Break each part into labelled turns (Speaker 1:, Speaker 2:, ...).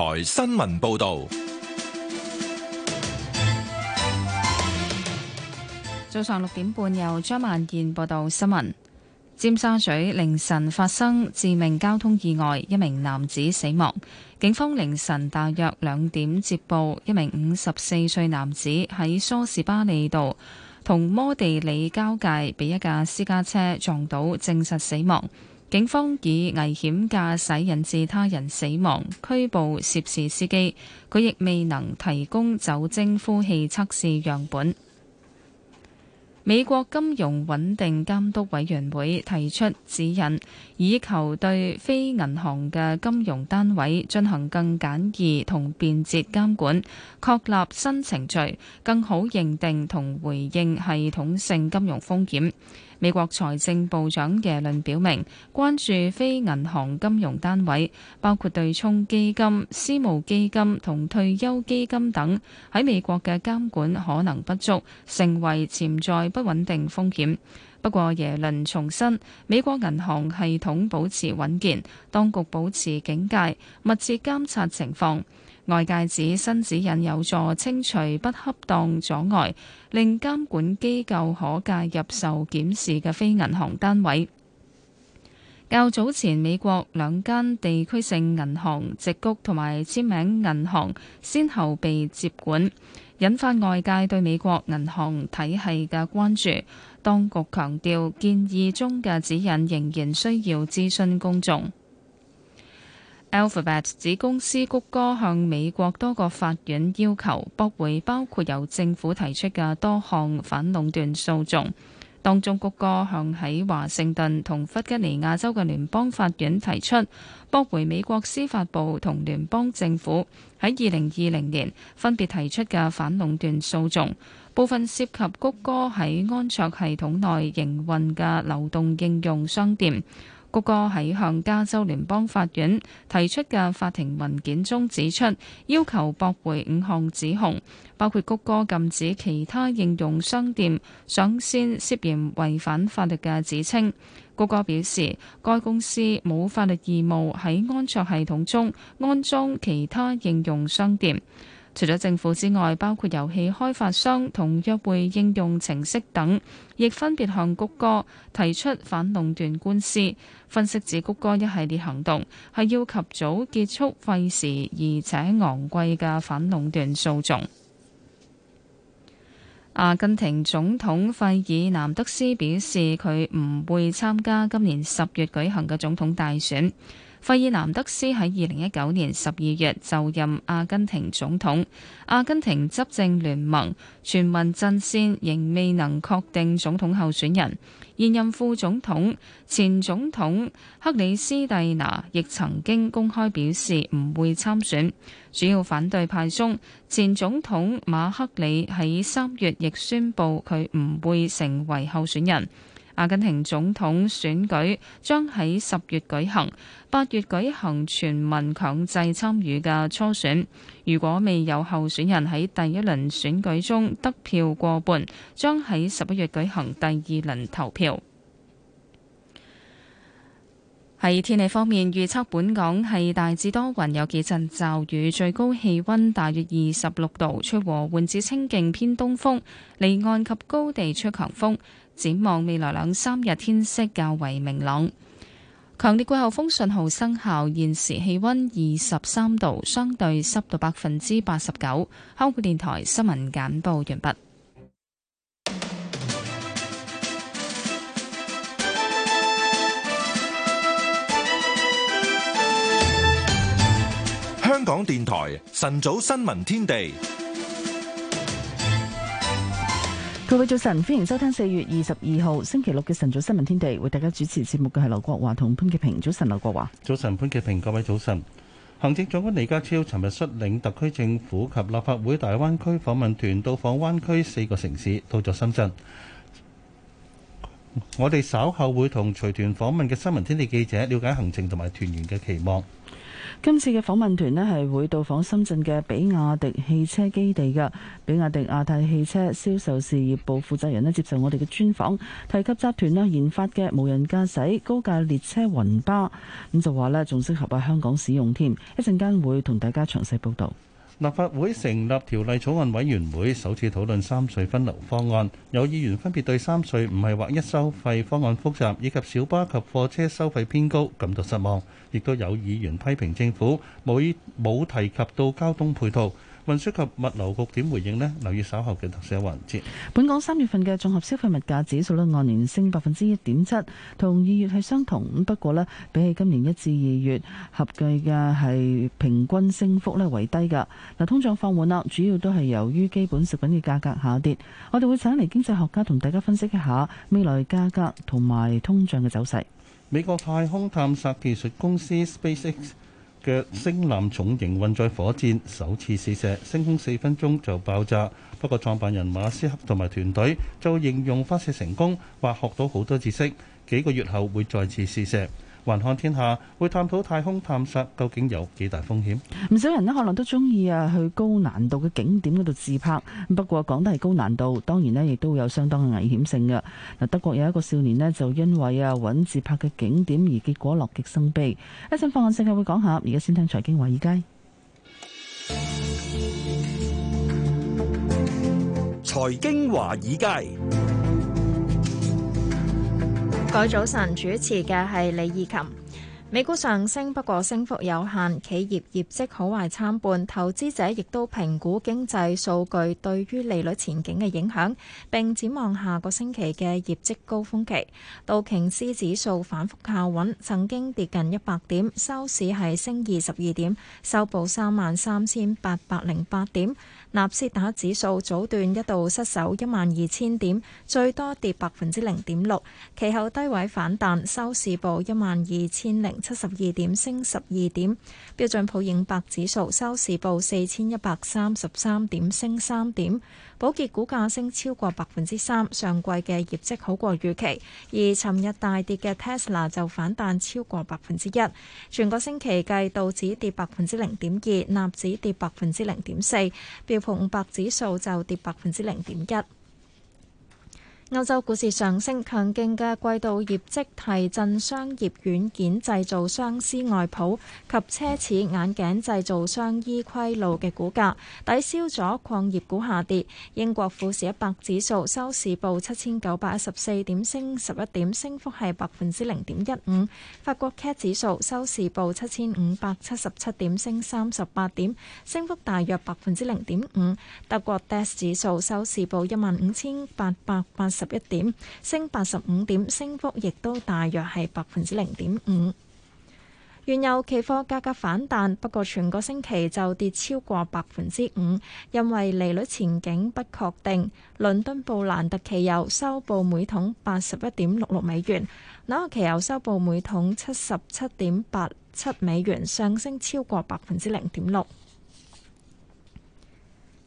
Speaker 1: 台新聞報道，
Speaker 2: 早上六點半由張萬健報道新聞。尖沙咀凌晨發生致命交通意外，一名男子死亡。警方凌晨大約兩點接報，一名五十四歲男子喺梳士巴利道同摩地里交界被一架私家車撞倒，證實死亡。警方以危險駕駛引致他人死亡，拘捕涉事司機，佢亦未能提供酒精呼氣測試樣本。美國金融穩定監督委員會提出指引，以求對非銀行嘅金融單位進行更簡易同便捷監管，確立新程序，更好認定同回應系統性金融風險。美國財政部長耶倫表明，關注非銀行金融單位，包括對沖基金、私募基金同退休基金等，喺美國嘅監管可能不足，成為潛在不穩定風險。不過，耶倫重申，美國銀行系統保持穩健，當局保持警戒，密切監察情況。外界指新指引有助清除不恰當阻礙，令監管機構可介入受檢視嘅非銀行單位。較早前美國兩間地區性銀行矽谷同埋簽名銀行，先後被接管，引發外界對美國銀行體系嘅關注。當局強調建議中嘅指引仍然需要諮詢公眾。Alphabet 子公司谷歌向美國多個法院要求駁回包括由政府提出嘅多項反壟斷訴訟。當中谷歌向喺華盛頓同弗吉尼亞州嘅聯邦法院提出駁回美國司法部同聯邦政府喺二零二零年分別提出嘅反壟斷訴訟，部分涉及谷歌喺安卓系統內營運嘅流動應用商店。谷歌喺向加州聯邦法院提出嘅法庭文件中指出，要求駁回五項指控，包括谷歌禁止其他應用商店上線涉嫌違反法律嘅指稱。谷歌表示，該公司冇法律義務喺安卓系統中安裝其他應用商店。除咗政府之外，包括遊戲開發商同約會應用程式等，亦分別向谷歌提出反壟斷官司。分析指，谷歌一系列行動係要及早結束費時而且昂貴嘅反壟斷訴訟。阿根廷總統費爾南德斯表示，佢唔會參加今年十月舉行嘅總統大選。費爾南德斯喺二零一九年十二月就任阿根廷總統。阿根廷執政聯盟全民陣線仍未能確定總統候選人。現任副總統、前總統克里斯蒂娜亦曾經公開表示唔會參選。主要反對派中，前總統馬克里喺三月亦宣布佢唔會成為候選人。阿根廷總統選舉將喺十月舉行，八月舉行全民強制參與嘅初選。如果未有候選人喺第一輪選舉中得票過半，將喺十一月舉行第二輪投票。喺天氣方面，預測本港係大致多雲，有幾陣驟雨，最高氣溫大約二十六度，吹和緩至清勁偏東風，離岸及高地吹強風。展望未來兩三日天色較為明朗，強烈季候風信號生效。現時氣溫二十三度，相對濕度百分之八十九。香港電台新聞簡報完畢。
Speaker 1: 香港電台晨早新聞天地，
Speaker 3: 各位早晨，歡迎收聽四月二十二號星期六嘅晨早新聞天地。為大家主持節目嘅係劉國華同潘潔平。早
Speaker 4: 晨，劉國華。早晨，潘潔平。各位早晨。行政長官李家超尋日率領特區政府及立法會大灣區訪問團到訪灣區四個城市，到咗深圳。我哋稍後會同隨團訪問嘅新聞天地記者了解行程同埋團員嘅期望。
Speaker 3: 今次嘅訪問團呢，係會到訪深圳嘅比亞迪汽車基地嘅。比亞迪亞太汽車銷售事業部負責人呢接受我哋嘅專訪，提及集團呢研發嘅無人駕駛高架列車雲巴，咁就話呢，仲適合喺香港使用添。一陣間會同大家詳細報道。
Speaker 4: 立法會成立條例草案委員會，首次討論三隧分流方案。有議員分別對三隧唔係劃一收費方案複雜，以及小巴及貨車收費偏高感到失望。亦都有議員批評政府冇冇提及到交通配套。運輸及物流局點回應呢？留意稍後嘅特寫環節。
Speaker 3: 本港三月份嘅綜合消費物價指數呢按年升百分之一點七，同二月係相同。不過呢，比起今年一至二月合計嘅係平均升幅呢為低噶。嗱，通脹放緩啦，主要都係由於基本食品嘅價格下跌。我哋會請嚟經濟學家同大家分析一下未來價格同埋通脹嘅走勢。
Speaker 4: 美國太空探索技術公司 SpaceX。嘅星艦重型運載火箭首次試射升空四分鐘就爆炸，不過創辦人馬斯克同埋團隊就形容發射成功，話學到好多知識，幾個月後會再次試射。環看天下會探討太空探索究竟有幾大風險？
Speaker 3: 唔少人咧可能都中意啊去高難度嘅景點嗰度自拍。不過，講得係高難度，當然呢亦都有相當嘅危險性嘅。嗱，德國有一個少年呢，就因為啊揾自拍嘅景點而結果樂極生悲。一陣放眼世界會講下，而家先聽財經華爾街。
Speaker 1: 財經華爾街。
Speaker 5: 改早晨主持嘅係李義琴。美股上升，不過升幅有限，企業業績好壞參半，投資者亦都評估經濟數據對於利率前景嘅影響，並展望下個星期嘅業績高峰期。道瓊斯指數反覆靠穩，曾經跌近一百點，收市係升二十二點，收報三萬三千八百零八點。納斯達指數早段一度失守一萬二千點，最多跌百分之零點六，其後低位反彈，收市報一萬二千零七十二點，升十二點。標準普爾五百指數收市報四千一百三十三點，升三點。保潔股價升超過百分之三，上季嘅業績好過預期，而尋日大跌嘅 Tesla 就反彈超過百分之一。全個星期計，道指跌百分之零點二，納指跌百分之零點四，標普五百指數就跌百分之零點一。歐洲股市上升，強勁嘅季度業績提振商業軟件製造商、商絲外鋪及奢侈眼鏡製造商依規路嘅股價，抵消咗礦業股下跌。英國富時一百指數收市報七千九百一十四點，升十一點，升幅係百分之零點一五。法國 CAC 指數收市報七千五百七十七點，升三十八點，升幅大約百分之零點五。德國 DAX 指數收市報一萬五千八百八十。十一點，升八十五點，升幅亦都大約係百分之零點五。原油期貨價格反彈，不過全個星期就跌超過百分之五，因為利率前景不確定。倫敦布蘭特期油收報每桶八十一點六六美元，紐約期油收報每桶七十七點八七美元，上升超過百分之零點六。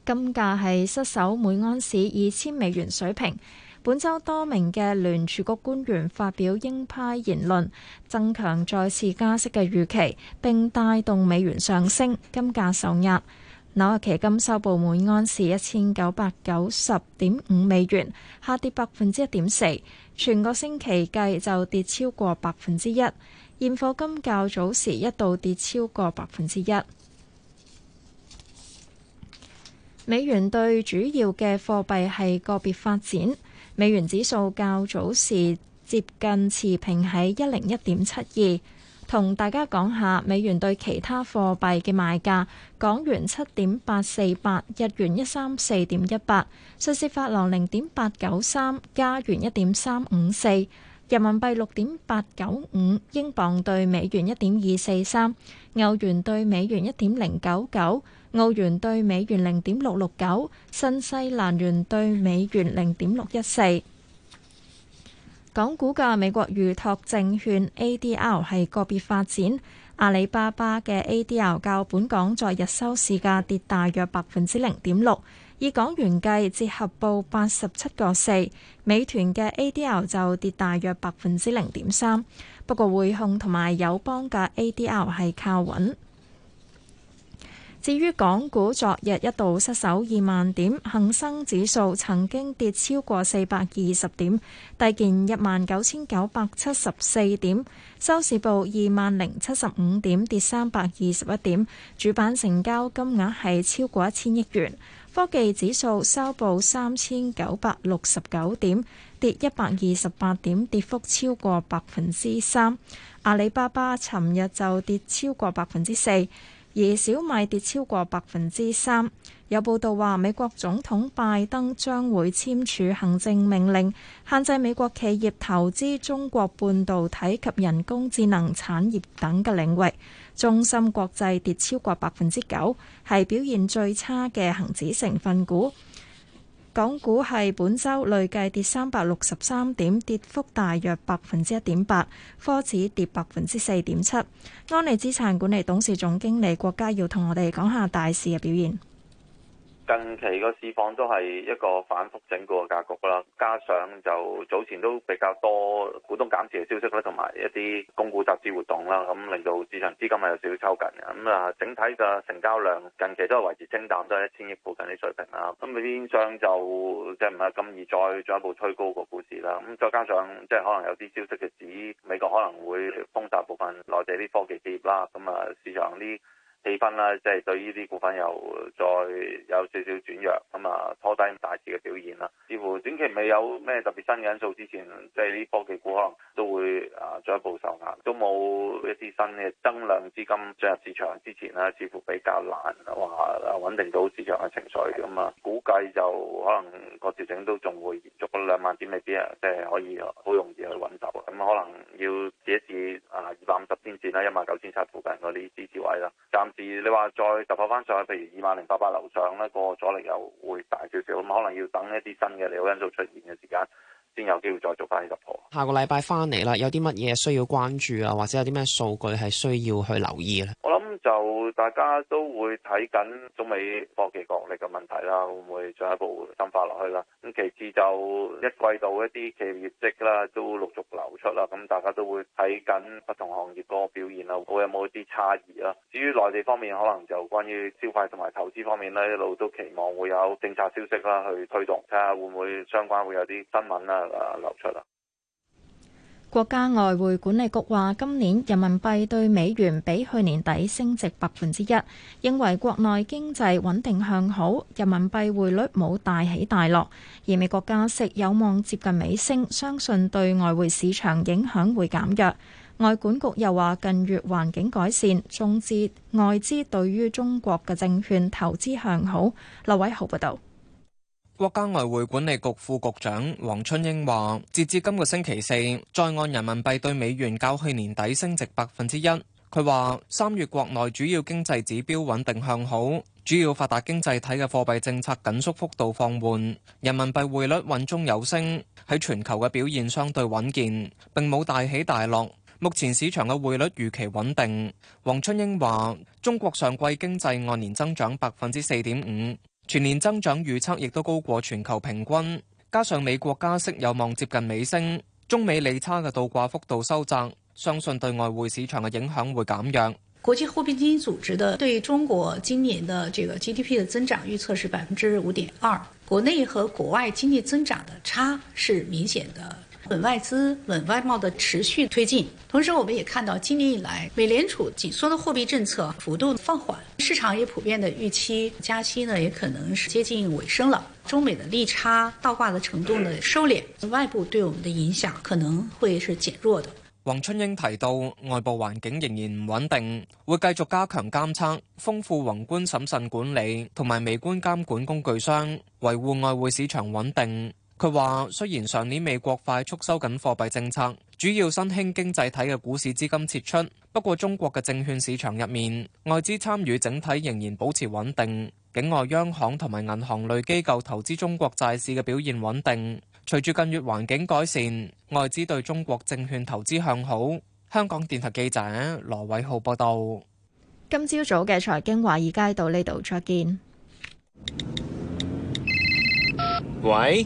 Speaker 5: 金價係失守每安士二千美元水平。本周多名嘅聯儲局官員發表鷹派言論，增強再次加息嘅預期，並帶動美元上升，金價受壓。紐約期金收報每安士一千九百九十點五美元，下跌百分之一點四，全個星期計就跌超過百分之一。現貨金較早時一度跌超過百分之一。美元對主要嘅貨幣係個別發展。美元指數較早時接近持平喺一零一點七二，同大家講下美元對其他貨幣嘅賣價：港元七點八四八，日元一三四點一八，瑞士法郎零點八九三，加元一點三五四，人民幣六點八九五，英鎊對美元一點二四三，歐元對美元一點零九九。澳元兌美元零點六六九，新西蘭元兌美元零點六一四。港股嘅美國預託證券 ADR 係個別發展，阿里巴巴嘅 ADR 較本港昨日收市價跌大約百分之零點六，以港元計折合報八十七個四。美團嘅 ADR 就跌大約百分之零點三，不過匯控同埋友邦嘅 ADR 係靠穩。至於港股昨日一度失守二萬點，恆生指數曾經跌超過四百二十點，低見一萬九千九百七十四點，收市報二萬零七十五點，跌三百二十一點，主板成交金額係超過一千億元。科技指數收報三千九百六十九點，跌一百二十八點，跌幅超過百分之三。阿里巴巴尋日就跌超過百分之四。而小米跌超過百分之三，有報道話美國總統拜登將會簽署行政命令，限制美國企業投資中國半導體及人工智能產業等嘅領域，中芯國際跌超過百分之九，係表現最差嘅恒指成分股。港股係本周累計跌三百六十三點，跌幅大約百分之一點八，科指跌百分之四點七。安利資產管理董事總經理郭家耀同我哋講下大市嘅表現。
Speaker 6: 近期個市況都係一個反覆整固嘅格局啦，加上就早前都比較多股東減持嘅消息咧，同埋一啲供股集資活動啦，咁令到市場資金係有少少抽緊嘅。咁啊，整體嘅成交量近期都係維持清淡，都係一千億附近啲水平啦。咁邊上就即係唔係咁易再進一步推高個股市啦。咁再加上即係可能有啲消息就指美國可能會封殺部分內地啲科技企業啦。咁啊，市場啲氣氛啦，即、就、係、是、對呢啲股份又再有少少轉弱，咁啊，拖低咁大市嘅表現啦。似乎短期未有咩特別新嘅因素，之前即係啲科技股可能都會啊進一步受壓，都冇一啲新嘅增量資金進入市場，之前咧似乎比較難話穩定到市場嘅情緒，咁啊，估計就可能個調整都仲會延續。兩萬點未必啊，即、就、係、是、可以好容易去穩走，咁、嗯、可能要試一試啊二百五十天線啦，一萬九千七附近嗰啲支持位啦，暫你話再突破返上去，譬如二萬零八八樓上呢、呢個阻力又會大少少，咁可能要等一啲新嘅利好因素出現嘅時間。先有機會再做翻啲突破。
Speaker 7: 下個禮拜翻嚟啦，有啲乜嘢需要關注啊？或者有啲咩數據係需要去留意呢？
Speaker 6: 我諗就大家都會睇緊中美科技角力嘅問題啦，會唔會進一步深化落去啦？咁其次就一季度一啲企業業績啦，都陸續流出啦，咁大家都會睇緊不同行業個表現啦，會有冇啲差異啊？至於內地方面，可能就關於消費同埋投資方面呢，一路都期望會有政策消息啦，去推動，睇下會唔會相關會有啲新聞啊？出啦！
Speaker 5: 國家外匯管理局話，今年人民幣對美元比去年底升值百分之一，認為國內經濟穩定向好，人民幣匯率冇大起大落，而美國加息有望接近尾聲，相信對外匯市場影響會減弱。外管局又話，近月環境改善，中資外資對於中國嘅證券投資向好。劉偉豪報導。
Speaker 7: 國家外匯管理局副局長黃春英話，截至今個星期四，在岸人民幣對美元較去年底升值百分之一。佢話，三月國內主要經濟指標穩定向好，主要發達經濟體嘅貨幣政策緊縮幅度放緩，人民幣匯率穩中有升，喺全球嘅表現相對穩健，並冇大起大落。目前市場嘅匯率預期穩定。黃春英話，中國上季經濟按年增長百分之四點五。全年增長預測亦都高過全球平均，加上美國加息有望接近尾聲，中美利差嘅倒掛幅度收窄，相信對外匯市場嘅影響會減弱。
Speaker 8: 國際貨幣基金組織的對中國今年的這個 GDP 嘅增長預測是百分之五點二，國內和國外經濟增長的差是明顯的。穩外資、穩外貿的持續推進，同時我們也看到今年以來美聯儲緊縮的貨幣政策幅度放緩，市場也普遍的預期加息呢也可能是接近尾聲了。中美的利差倒掛的程度呢收斂，外部對我們的影響可能會是減弱的。
Speaker 7: 王春英提到，外部環境仍然唔穩定，會繼續加強監測，豐富宏觀審慎管,管理同埋微觀監管工具箱，維護外匯市場穩定。佢話：雖然上年美國快速收緊貨幣政策，主要新興經濟體嘅股市資金撤出，不過中國嘅證券市場入面，外資參與整體仍然保持穩定。境外央行同埋銀行類機構投資中國債市嘅表現穩定。隨住近月環境改善，外資對中國證券投資向好。香港電台記者羅偉浩報道。
Speaker 5: 今朝早嘅財經華爾街到呢度再見。
Speaker 9: 喂？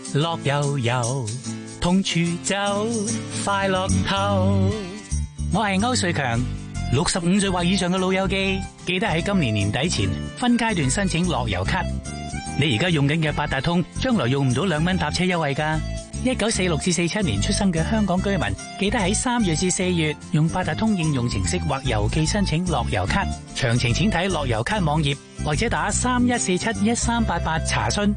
Speaker 9: 樂悠悠，通處走快樂透。我係歐瑞強，六十五歲或以上嘅老友記，記得喺今年年底前分階段申請樂悠咭。你而家用緊嘅八達通，將來用唔到兩蚊搭車優惠噶。一九四六至四七年出生嘅香港居民，記得喺三月至四月用八達通應用程式或郵寄申請樂悠咭。詳情請睇樂悠咭網頁或者打三一四七一三
Speaker 10: 八八查
Speaker 4: 詢。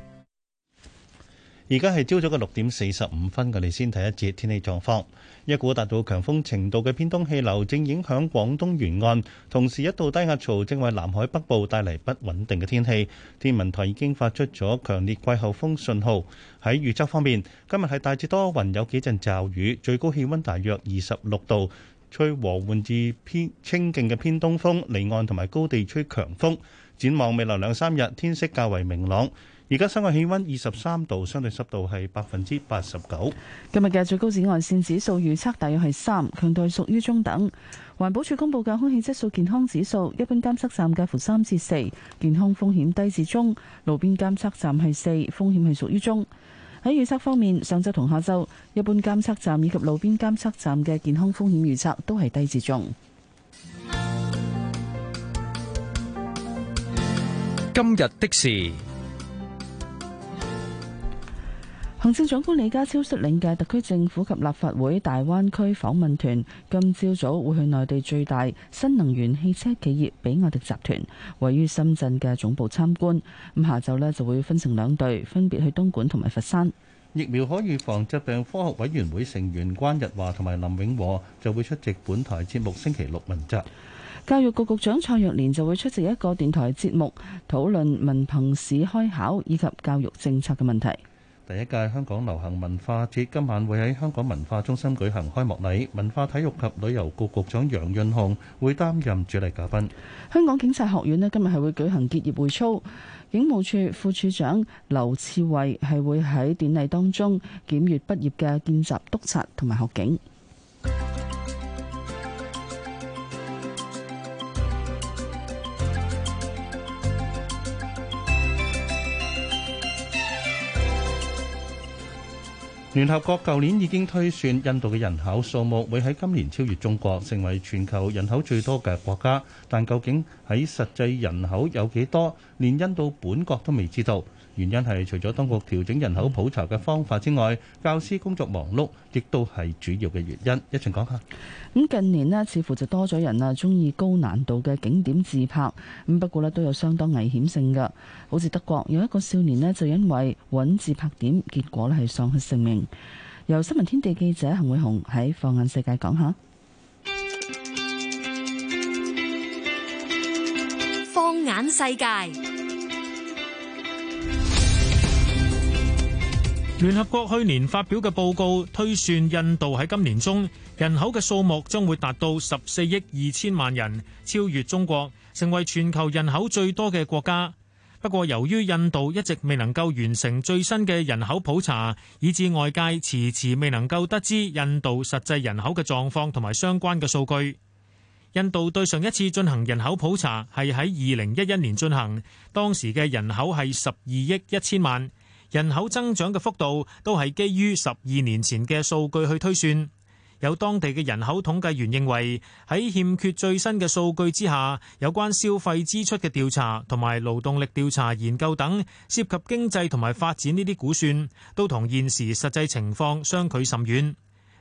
Speaker 4: 而家係朝早嘅六點四十五分，我哋先睇一節天氣狀況。一股達到強風程度嘅偏東氣流正影響廣東沿岸，同時一道低壓槽正為南海北部帶嚟不穩定嘅天氣。天文台已經發出咗強烈季候風信號。喺預測方面，今日係大致多雲，有幾陣驟雨，最高氣温大約二十六度，吹和緩至偏清勁嘅偏東風，離岸同埋高地吹強風。展望未來兩三日，天色較為明朗。而家室外氣溫二十三度，相對濕度係百分之八十九。今日嘅
Speaker 3: 最高紫外線指數預測大約係三，強度屬於中等。環保署公布嘅空氣質素健康指數，一般監測站介乎三至四，健康風險低至中；路邊監測站係四，風險係屬於中。喺預測方面，上晝同下晝一般監測站以及路邊監測站嘅健康風險預測都係低至中。
Speaker 9: 今日的事。
Speaker 3: 行政長官李家超率領嘅特區政府及立法會大灣區訪問團，今朝早會去內地最大新能源汽車企業比亞迪集團，位於深圳嘅總部參觀。咁下晝呢，就會分成兩隊，分別去東莞同埋佛山。
Speaker 4: 疫苗可預防疾病科學委員會成員關日華同埋林永和就會出席本台節目星期六問責。
Speaker 3: 教育局局長蔡若蓮就會出席一個電台節目，討論文憑試開考以及教育政策嘅問題。
Speaker 4: 第一屆香港流行文化節今晚會喺香港文化中心舉行開幕禮，文化體育及旅遊局局長楊潤雄會擔任主禮嘉賓。
Speaker 3: 香港警察學院呢今日係會舉行結業會操，警務處副處長劉賜蕙係會喺典禮當中檢閱畢業嘅見習督察同埋學警。
Speaker 4: 聯合國舊年已經推算，印度嘅人口數目會喺今年超越中國，成為全球人口最多嘅國家。但究竟喺實際人口有幾多，連印度本國都未知道。原因係除咗當局調整人口普查嘅方法之外，教師工作忙碌亦都係主要嘅原因。一陣講下。
Speaker 3: 咁近年咧似乎就多咗人啊，鍾意高難度嘅景點自拍。咁不過咧都有相當危險性㗎。好似德國有一個少年咧就因為揾自拍點，結果咧係喪失性命。由新聞天地記者恆偉雄喺放眼世界講下。
Speaker 7: 放眼世界。
Speaker 9: 聯合國去年發表嘅報告推算，印度喺今年中人口嘅數目將會達到十四億二千萬人，超越中國，成為全球人口最多嘅國家。不過，由於印度一直未能夠完成最新嘅人口普查，以致外界遲遲未能夠得知印度實際人口嘅狀況同埋相關嘅數據。印度對上一次進行人口普查係喺二零一一年進行，當時嘅人口係十二億一千萬。人口增長嘅幅度都係基於十二年前嘅數據去推算。有當地嘅人口統計員認為，喺欠缺最新嘅數據之下，有關消費支出嘅調查同埋勞動力調查研究等涉及經濟同埋發展呢啲估算，都同現時實際情況相距甚遠。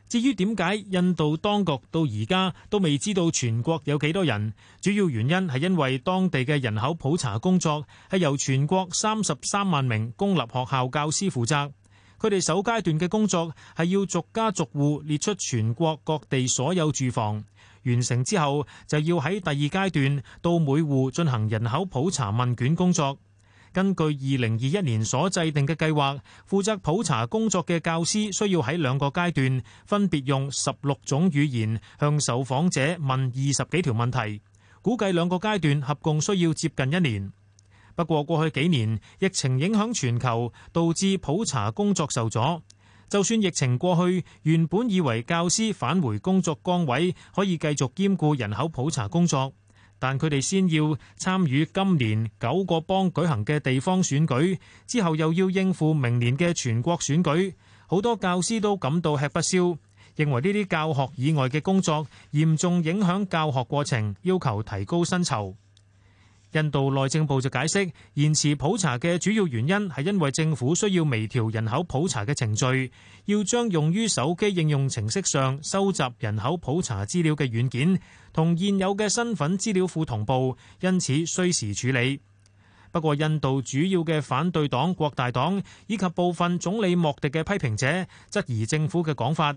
Speaker 9: 至於點解印度當局到而家都未知道全國有幾多人？主要原因係因為當地嘅人口普查工作係由全國三十三萬名公立學校教師負責。佢哋首階段嘅工作係要逐家逐戶列出全國各地所有住房。完成之後，就要喺第二階段到每戶進行人口普查問卷工作。根據二零二一年所制定嘅計劃，負責普查工作嘅教師需要喺兩個階段分別用十六種語言向受訪者問二十幾條問題，估計兩個階段合共需要接近一年。不過過去幾年，疫情影響全球，導致普查工作受阻。就算疫情過去，原本以為教師返回工作崗位可以繼續兼顧人口普查工作。但佢哋先要參與今年九個邦舉行嘅地方選舉，之後又要應付明年嘅全國選舉，好多教師都感到吃不消，認為呢啲教學以外嘅工作嚴重影響教學過程，要求提高薪酬。印度內政部就解釋，延遲普查嘅主要原因係因為政府需要微調人口普查嘅程序，要將用於手機應用程式上收集人口普查資料嘅軟件同現有嘅身份資料庫同步，因此需時處理。不過，印度主要嘅反對黨國大黨以及部分總理莫迪嘅批評者質疑政府嘅講法。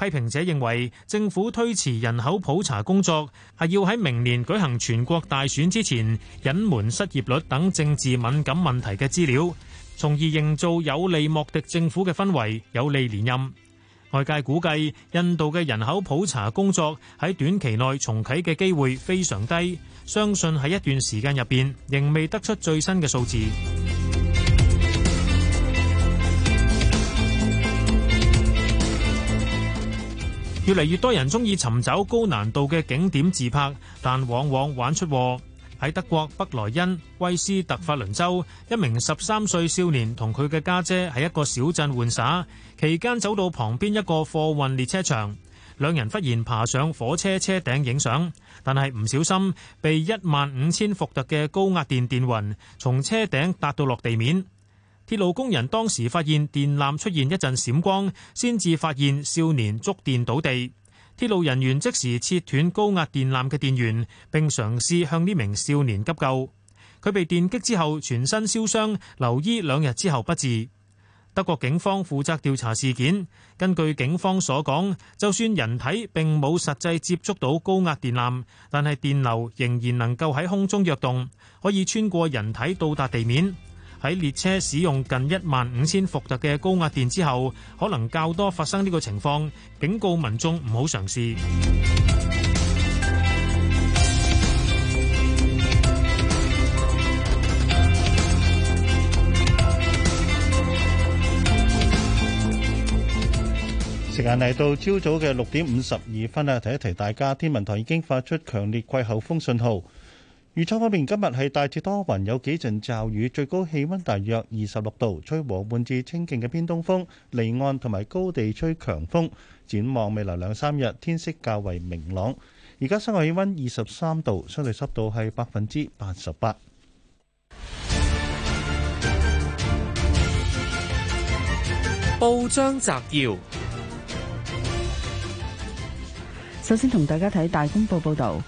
Speaker 9: 批評者認為，政府推遲人口普查工作係要喺明年舉行全國大選之前隱瞞失業率等政治敏感問題嘅資料，從而營造有利莫迪政府嘅氛圍，有利連任。外界估計，印度嘅人口普查工作喺短期內重啟嘅機會非常低，相信喺一段時間入邊仍未得出最新嘅數字。越嚟越多人中意尋找高難度嘅景點自拍，但往往玩出禍。喺德國北萊茵威斯特法倫州，一名十三歲少年同佢嘅家姐喺一個小鎮玩耍，期間走到旁邊一個貨運列車場，兩人忽然爬上火車車頂影相，但係唔小心被一萬五千伏特嘅高壓電電暈，從車頂搭到落地面。鐵路工人當時發現電纜出現一陣閃光，先至發現少年觸電倒地。鐵路人員即時切斷高壓電纜嘅電源，並嘗試向呢名少年急救。佢被電擊之後全身燒傷，留醫兩日之後不治。德國警方負責調查事件。根據警方所講，就算人體並冇實際接觸到高壓電纜，但係電流仍然能夠喺空中躍動，可以穿過人體到達地面。喺列車使用近一萬五千伏特嘅高壓電之後，可能較多發生呢個情況，警告民眾唔好嘗試。
Speaker 4: 時間嚟到朝早嘅六點五十二分啦，提一提大家，天文台已經發出強烈季候風信號。預測方面，今日係大致多雲，有幾陣驟雨，最高氣溫大約二十六度，吹和緩至清勁嘅偏東風，離岸同埋高地吹強風。展望未來兩三日，天色較為明朗。而家室外氣溫二十三度，相對濕度係百分之八十八。
Speaker 11: 報章摘要，
Speaker 3: 首先同大家睇大公報報道。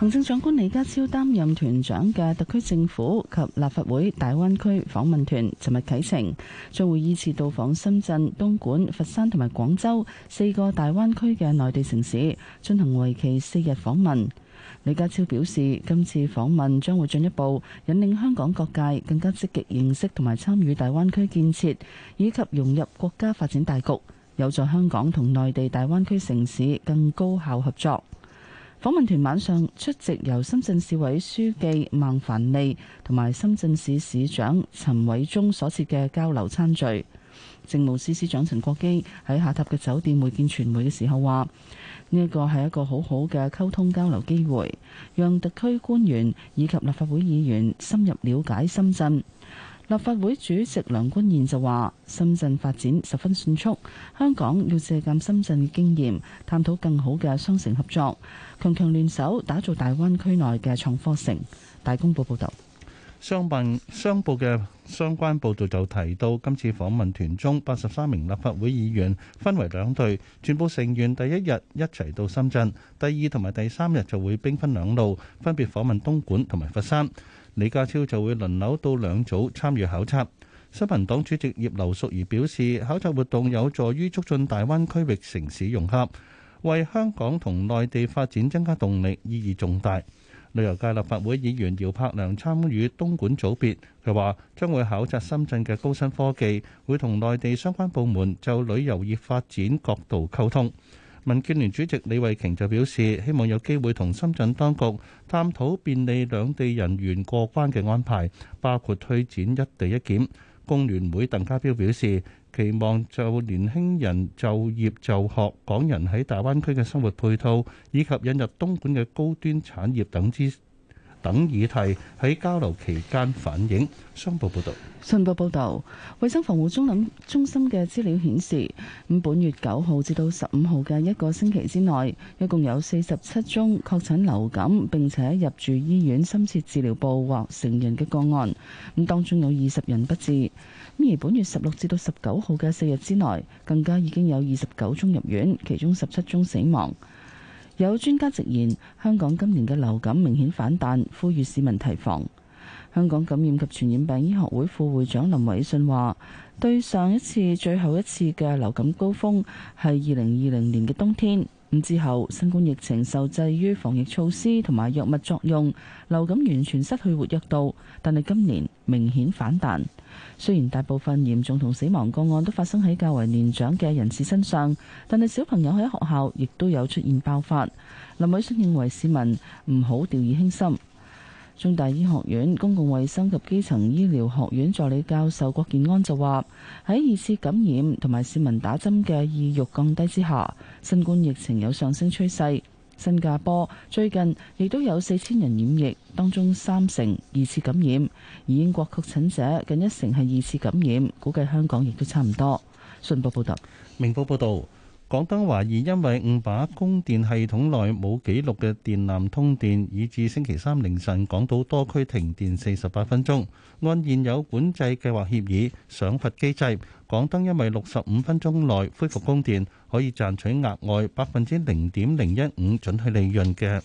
Speaker 3: 行政長官李家超擔任團長嘅特區政府及立法會大灣區訪問團，尋日啟程，將會依次到訪深圳、東莞、佛山同埋廣州四個大灣區嘅內地城市，進行為期四日訪問。李家超表示，今次訪問將會進一步引領香港各界更加積極認識同埋參與大灣區建設，以及融入國家發展大局，有助香港同內地大灣區城市更高效合作。訪問團晚上出席由深圳市委書記孟凡利同埋深圳市市長陳偉忠所設嘅交流餐聚。政務司司長陳國基喺下榻嘅酒店會見傳媒嘅時候話：呢一個係一個好好嘅溝通交流機會，讓特區官員以及立法會議員深入了解深圳。立法會主席梁君彥就話：深圳發展十分迅速，香港要借鑑深圳嘅經驗，探討更好嘅雙城合作。強強聯手，打造大灣區內嘅創科城。大公報報道，
Speaker 4: 商辦商報嘅相關報道就提到，今次訪問團中八十三名立法會議員分為兩隊，全部成員第一日一齊到深圳，第二同埋第三日就會兵分兩路，分別訪問東莞同埋佛山。李家超就會輪流到兩組參與考察。新民黨主席葉劉淑儀表示，考察活動有助於促進大灣區域城市融合。為香港同內地發展增加動力意義重大。旅遊界立法會議員姚柏良參與東莞組別，佢話將會考察深圳嘅高新科技，會同內地相關部門就旅遊業發展角度溝通。民建聯主席李慧瓊就表示，希望有機會同深圳當局探討便利兩地人員過關嘅安排，包括推展一地一檢。工聯會鄧家彪表示。期望就年輕人就業就學，港人喺大灣區嘅生活配套，以及引入東莞嘅高端產業等資等議題喺交流期間反映。商報報道：「信
Speaker 3: 報報道，衞生防護中諗中心嘅資料顯示，本月九號至到十五號嘅一個星期之內，一共有四十七宗確診流感，並且入住醫院深切治療部或成人嘅個案，咁當中有二十人不治。而本月十六至到十九號嘅四日之內，更加已經有二十九宗入院，其中十七宗死亡。有專家直言，香港今年嘅流感明顯反彈，呼籲市民提防。香港感染及傳染病醫學會副會長林偉信話，對上一次、最後一次嘅流感高峰係二零二零年嘅冬天，咁之後新冠疫情受制於防疫措施同埋藥物作用，流感完全失去活躍度，但係今年明顯反彈。雖然大部分嚴重同死亡個案都發生喺較為年長嘅人士身上，但係小朋友喺學校亦都有出現爆發。林緯遜認為市民唔好掉以輕心。中大醫學院公共衛生及基層醫療學院助理教授郭建安就話：喺二次感染同埋市民打針嘅意欲降低之下，新冠疫情有上升趨勢。新加坡最近亦都有四千人染疫，當中三成二次感染。而英國確診者近一成係二次感染，估計香港亦都差唔多。信報報道。
Speaker 4: 明報報道。港燈懷疑因為誤把供電系統內冇記錄嘅電纜通電，以至星期三凌晨港島多區停電四十八分鐘。按現有管制計劃協議賞罰機制，港燈因為六十五分鐘內恢復供電，可以賺取額外百分之零點零一五準許利潤嘅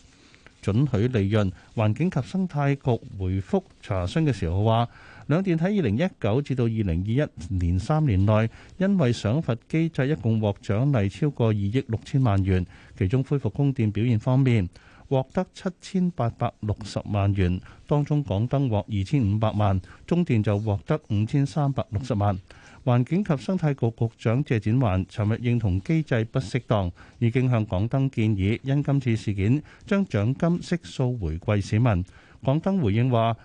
Speaker 4: 準許利潤。環境及生態局回覆查詢嘅時候話。兩電喺二零一九至到二零二一年三年內，因為賞罰機制，一共獲獎勵超過二億六千萬元。其中恢復供電表現方面，獲得七千八百六十萬元，當中港燈獲二千五百萬，中電就獲得五千三百六十萬。環境及生態局局長謝展寰尋日認同機制不適當，已經向港燈建議，因今次事件將獎金悉數回饋市民。港燈回應話。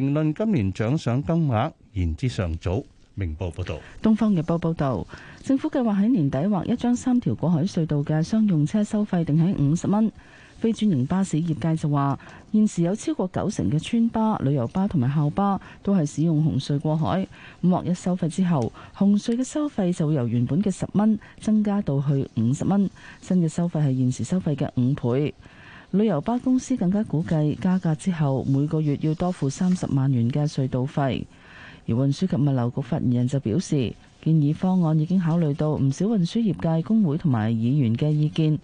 Speaker 4: 評論今年獎賞金額言之尚早。明報報道，
Speaker 3: 東方日報報道，政府計劃喺年底劃一張三條過海隧道嘅商用車收費定喺五十蚊。非專營巴士業界就話，現時有超過九成嘅村巴、旅遊巴同埋校巴都係使用紅隧過海。咁劃一收費之後，紅隧嘅收費就會由原本嘅十蚊增加到去五十蚊，新嘅收費係現時收費嘅五倍。旅遊巴公司更加估計加價之後，每個月要多付三十萬元嘅隧道費。而運輸及物流局發言人就表示，建議方案已經考慮到唔少運輸業界工會同埋議員嘅意見，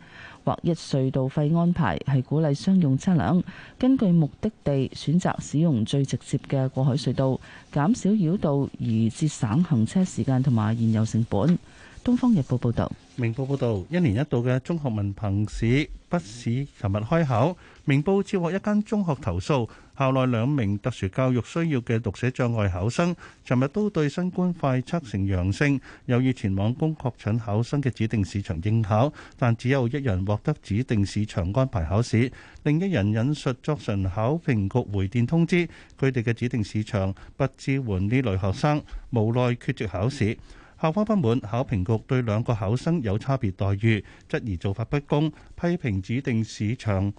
Speaker 3: 劃一隧道費安排係鼓勵商用車輛根據目的地選擇使用最直接嘅過海隧道，減少繞道而節省行車時間同埋燃油成
Speaker 4: 本。《東方日報》報道：《明報》報道，一年一度嘅中學文憑試筆試，琴日開考。明報接獲一間中學投訴，校內兩名特殊教育需要嘅讀寫障礙考生，琴日都對新冠快測呈陽性，有意前往供確診考生嘅指定市場應考，但只有一人獲得指定市場安排考試，另一人引述昨晨考評局回電通知，佢哋嘅指定市場不支援呢類學生，無奈缺席考試。校方不滿考評局對兩個考生有差別待遇，質疑做法不公，批評指定市場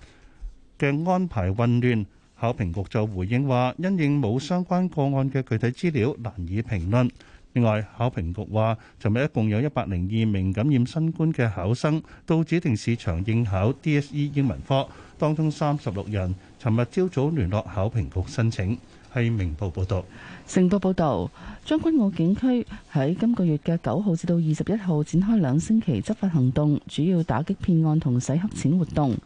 Speaker 4: 嘅安排混亂。考評局就回應話，因應冇相關個案嘅具體資料，難以評論。另外，考評局話尋日一共有一百零二名感染新冠嘅考生到指定市場應考 DSE 英文科，當中三十六人尋日朝早聯絡考評局申請。係明報報道，成報，報道，
Speaker 3: 將軍澳警區喺今個月嘅九號至到二十一號展開兩星期執法行動，主要打擊騙案同洗黑錢活動。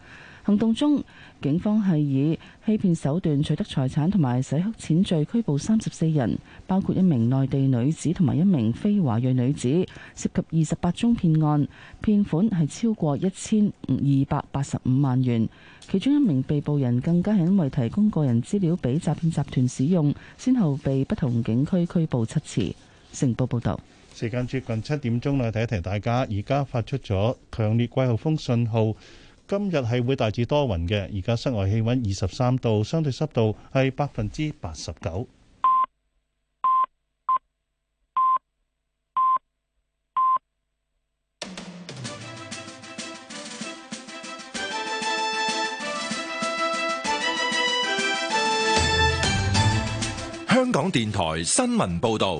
Speaker 3: 行動中，警方係以欺騙手段取得財產同埋洗黑錢罪拘捕三十四人，包括一名內地女子同埋一名非華裔女子，涉及二十八宗騙案，騙款係超過一千二百八十五萬元。其中一名被捕人更加係因為提供個人資料俾詐騙集團使用，先後被不同警區拘捕七次。
Speaker 4: 成報報道：「時間接近七點鐘啦，提一提大家，而家發出咗強烈季候風信號。今日係會大致多雲嘅，而家室外氣溫二十三度，相對濕度係百分之八十九。
Speaker 1: 香港電台新聞報道，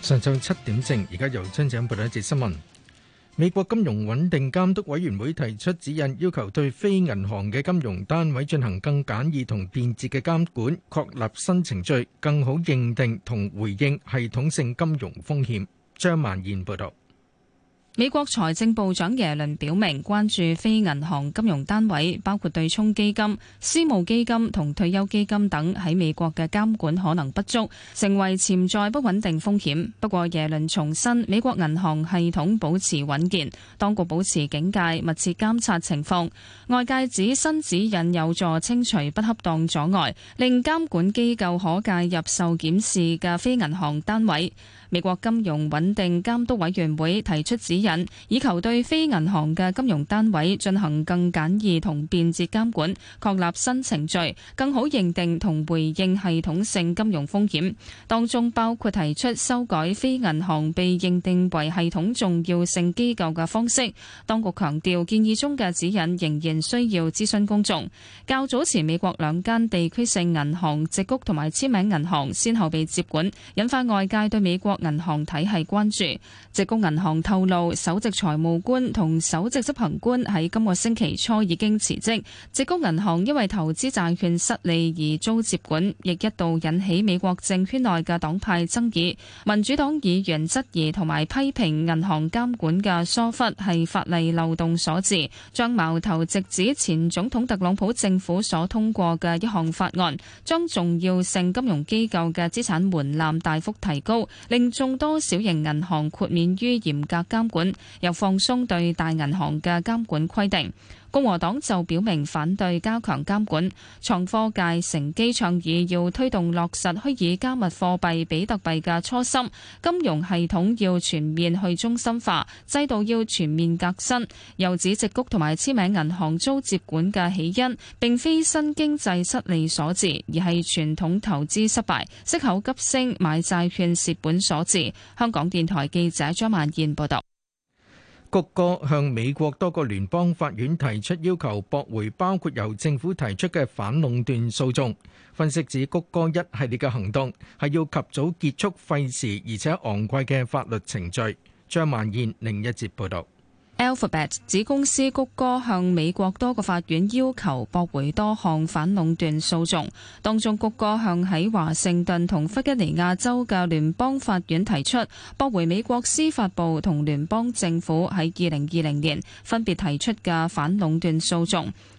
Speaker 11: 上晝七點正，而家由張展報道一節新聞。美國金融穩定監督委員會提出指引，要求對非銀行嘅金融單位進行更簡易同便捷嘅監管，確立新程序，更好認定同回應系統性金融風險。張萬燕報道。
Speaker 2: 美國財政部長耶倫表明，關注非銀行金融單位，包括對沖基金、私募基金同退休基金等，喺美國嘅監管可能不足，成為潛在不穩定風險。不過耶倫重申，美國銀行系統保持穩健，當局保持警戒，密切監察情況。外界指新指引有助清除不恰當阻礙，令監管機構可介入受檢視嘅非銀行單位。美國金融穩定監督委員會提出指引，以求對非銀行嘅金融單位進行更簡易同便捷監管，確立新程序，更好認定同回應系統性金融風險。當中包括提出修改非銀行被認定為系統重要性機構嘅方式。當局強調，建議中嘅指引仍然需要諮詢公眾。較早前，美國兩間地區性銀行矽谷同埋簽名銀行先後被接管，引發外界對美國。銀行體系關注，矽谷銀行透露首席財務官同首席執行官喺今個星期初已經辭職。矽谷銀行因為投資債券失利而遭接管，亦一度引起美國證券內嘅黨派爭議。民主黨議員質疑同埋批評銀行監管嘅疏忽係法例漏洞所致，將矛頭直指前總統特朗普政府所通過嘅一項法案，將重要性金融機構嘅資產門檻大幅提高，令。眾多小型銀行豁免於嚴格監管，又放鬆對大銀行嘅監管規定。共和黨就表明反對加強監管，創科界乘機倡議要推動落實虛擬加密貨幣比特幣嘅初心，金融系統要全面去中心化，制度要全面革新。又指矽谷同埋簽名銀行遭接管嘅起因，並非新經濟失利所致，而係傳統投資失敗、息口急升、買債券蝕本所致。香港電台記者張曼燕報道。
Speaker 11: 谷歌向美國多個聯邦法院提出要求，駁回包括由政府提出嘅反壟斷訴訟。分析指，谷歌一系列嘅行動係要及早結束費時而且昂貴嘅法律程序。張萬燕另一節報道。
Speaker 2: Alphabet 子公司谷歌向美國多個法院要求駁回多項反壟斷訴訟，當中谷歌向喺華盛頓同弗吉尼亞州嘅聯邦法院提出駁回美國司法部同聯邦政府喺二零二零年分別提出嘅反壟斷訴訟。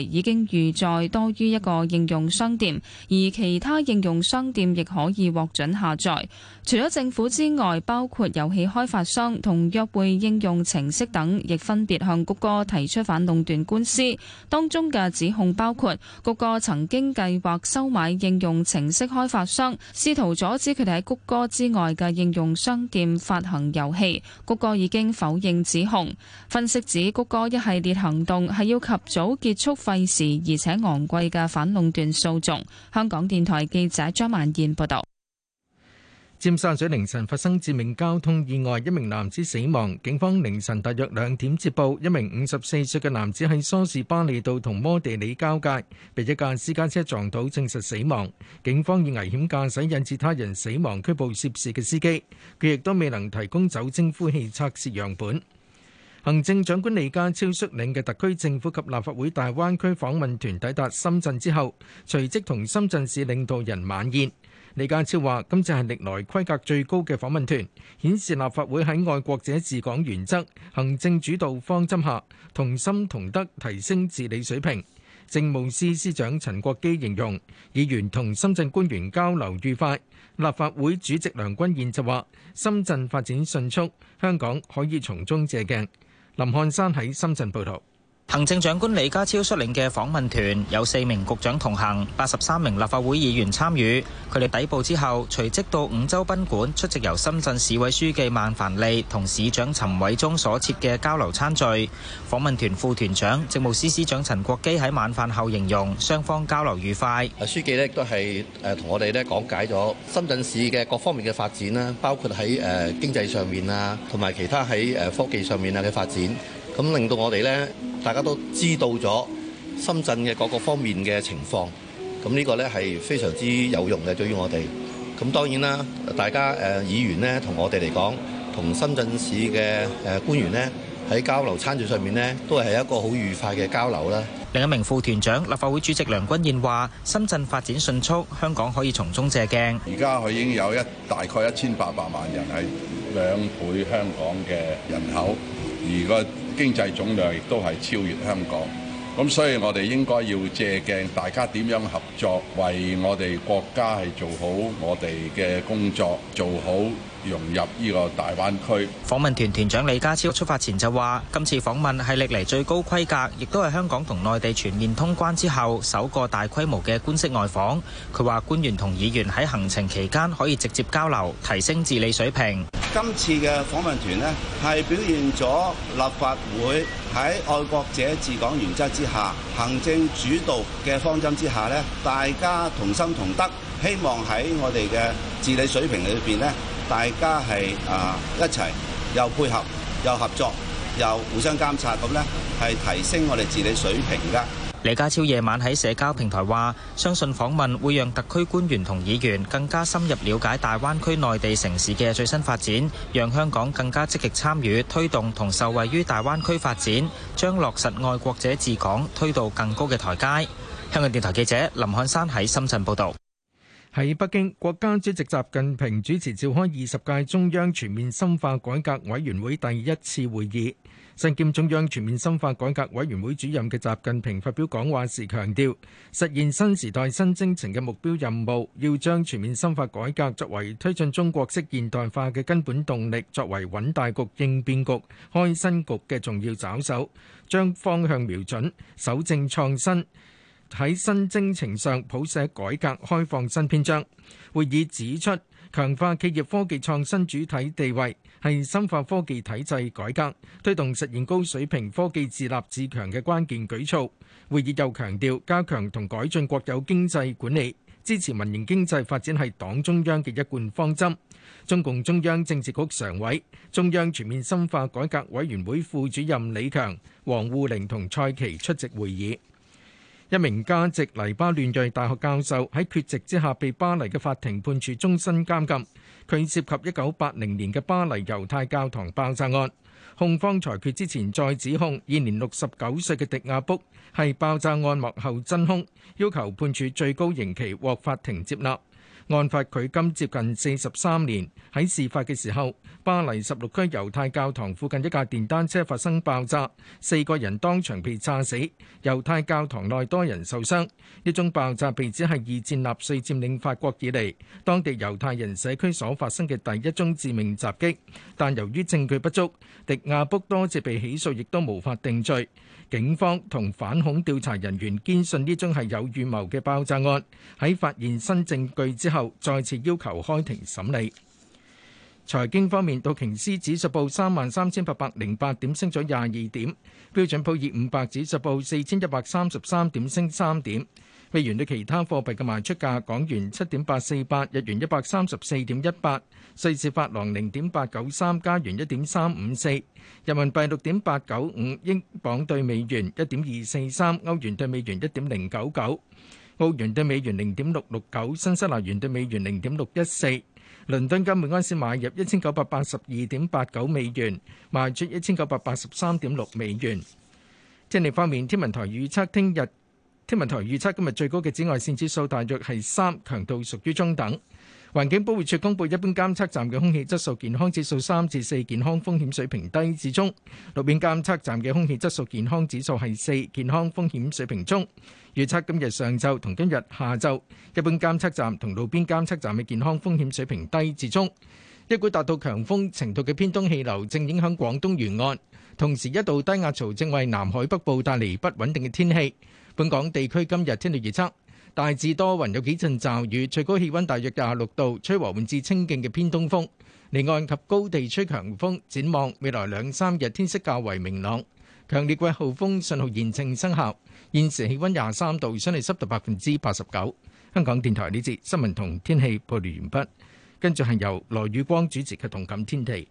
Speaker 2: 已經預載多於一個應用商店，而其他應用商店亦可以獲准下載。除咗政府之外，包括遊戲開發商同約會應用程式等，亦分別向谷歌提出反壟斷官司。當中嘅指控包括谷歌曾經計劃收買應用程式開發商，試圖阻止佢哋喺谷歌之外嘅應用商店發行遊戲。谷歌已經否認指控。分析指，谷歌一系列行動係要及早結束。費時而且昂貴嘅反壟斷訴訟。香港電台記者張曼燕報道。
Speaker 11: 尖沙咀凌晨發生致命交通意外，一名男子死亡。警方凌晨大約兩點接報，一名五十四歲嘅男子喺梳士巴利道同摩地里交界，被一架私家車撞倒，證實死亡。警方以危險駕駛引致他人死亡拘捕涉事嘅司機，佢亦都未能提供酒精呼氣測試樣本。行政長官李家超率領嘅特區政府及立法會大灣區訪問團抵達深圳之後，隨即同深圳市領導人晚宴。李家超話：今次係歷來規格最高嘅訪問團，顯示立法會喺愛國者治港原則、行政主導方針下，同心同德提升治理水平。政務司司長陳國基形容議員同深圳官員交流愉快。立法會主席梁君彥就話：深圳發展迅速，香港可以從中借鏡。林漢山喺深圳報道。行政長官李
Speaker 12: 家超率領嘅訪問團有四名局長同行，八十三名立法會議員參與。佢哋抵埗之後，隨即到五洲賓館出席由深圳市委書記萬凡利同市長陳偉忠所設嘅交流餐敘。訪問團副團長政務司司長陳國基喺晚飯後形容，雙方交流愉快。書記咧都係同我哋
Speaker 13: 咧講解咗深圳市嘅各方面嘅發展啦，包括喺誒經濟上面啊，同埋其他喺誒科技上面啊嘅發展。咁令到我哋咧，大家都知道咗深圳嘅各個方面嘅情況，咁呢個咧係非常之有用
Speaker 4: 嘅，對於我哋。咁當然啦，大家誒議員咧同我哋嚟講，同深圳市嘅誒官員咧喺交流餐聚上面咧，都係一個好愉快嘅交流
Speaker 12: 啦。另一名副團長立法會主席梁君彥話，深圳發展迅速，香港可以從
Speaker 1: 中借鏡，而家佢已經有一大概一千八百萬人係兩倍香港嘅人口。而個經濟總量亦都係超越香港，咁所以我哋應該要借鏡大家點樣合作，為我哋國家係做好我哋嘅工作，做好。融入呢個大灣區
Speaker 12: 訪問團團長李家超出發前就話：今次訪問係歷嚟最高規格，亦都係香港同內地全面通關之後首個大規模嘅官式外訪。佢話：官員同議員喺行程期間可以直接交流，提升治理水平。
Speaker 1: 今次嘅訪問團咧，係表現咗立法會喺愛國者治港原則之下，行政主導嘅方針之下咧，大家同心同德，希望喺我哋嘅治理水平裏邊咧。大家係啊、呃、一齊又配合，又合作，又互相監察，咁呢，係提升我哋治理水
Speaker 12: 平噶。李家超夜晚喺社交平台話：相信訪問會讓特區官員同議員更加深入了解大灣區內地城市嘅最新發展，讓香港更加積極參與，推動同受惠於大灣區發展，將落實愛國者治港推到更高嘅台階。香港電台記者林漢山喺深圳報道。
Speaker 11: 喺北京，國家主席習近平主持召開二十屆中央全面深化改革委員會第一次會議。身兼中央全面深化改革委員會主任嘅習近平發表講話時強調，實現新時代新征程嘅目標任務，要將全面深化改革作為推進中國式現代化嘅根本動力，作為穩大局、應變局、開新局嘅重要抓手，將方向瞄準、守正創新。喺新征程上譜寫改革開放新篇章。會議指出，強化企業科技創新主體地位係深化科技體制改革、推動實現高水平科技自立自強嘅關鍵舉措。會議又強調，加強同改進國有經濟管理、支持民營經濟發展係黨中央嘅一貫方針。中共中央政治局常委、中央全面深化改革委員會副主任李強、王滬寧同蔡奇出席會議。一名加籍黎巴嫩裔大學教授喺缺席之下被巴黎嘅法庭判處終身監禁。佢涉及一九八零年嘅巴黎猶太教堂爆炸案。控方裁決之前再指控現年六十九歲嘅迪亞卜係爆炸案幕後真兇，要求判處最高刑期獲法庭接納。案發距今接近四十三年。喺事發嘅時候，巴黎十六區猶太教堂附近一架電單車發生爆炸，四個人當場被炸死，猶太教堂內多人受傷。呢宗爆炸被指係二戰納粹佔領法國以嚟當地猶太人社區所發生嘅第一宗致命襲擊。但由於證據不足，迪亞卜多次被起訴，亦都無法定罪。警方同反恐調查人員堅信呢宗係有預謀嘅爆炸案。喺發現新證據之後，再次要求開庭審理。財經方面，道瓊斯指數報三萬三千八百零八點，升咗廿二點；標準普爾五百指數報四千一百三十三點，升三點。美元對其他貨幣嘅賣出價：港元七點八四八，日元一百三十四點一八，瑞士法郎零點八九三，加元一點三五四，人民幣六點八九五，英鎊對美元一點二四三，歐元對美元一點零九九，澳元對美元零點六六九，新西蘭元對美元零點六一四。倫敦金每盎司買入一千九百八十二點八九美元，賣出一千九百八十三點六美元。天氣方面，天文台預測聽日，天文台預測今日最高嘅紫外線指數大約係三，強度屬於中等。環境保護署公佈，一般監測站嘅空氣質素健康指數三至四，健康風險水平低至中；路邊監測站嘅空氣質素健康指數係四，健康風險水平中。預測今日上晝同今日下晝，一般監測站同路邊監測站嘅健康風險水平低至中。一股達到強風程度嘅偏東氣流正影響廣東沿岸，同時一道低壓槽正為南海北部帶嚟不穩定嘅天氣。本港地區今日天氣預測。大致多雲，有幾陣驟雨，最高氣溫大約廿六度，吹和緩至清勁嘅偏東風，離岸及高地吹強風。展望未來兩三日，天色較為明朗，強烈季候風信號現正生效。現時氣溫廿三度，相對濕度百分之八十九。香港電台呢節新聞同天氣報道完畢，跟住係由羅宇光主持嘅動感天地，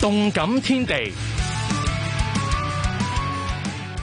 Speaker 14: 動感天地。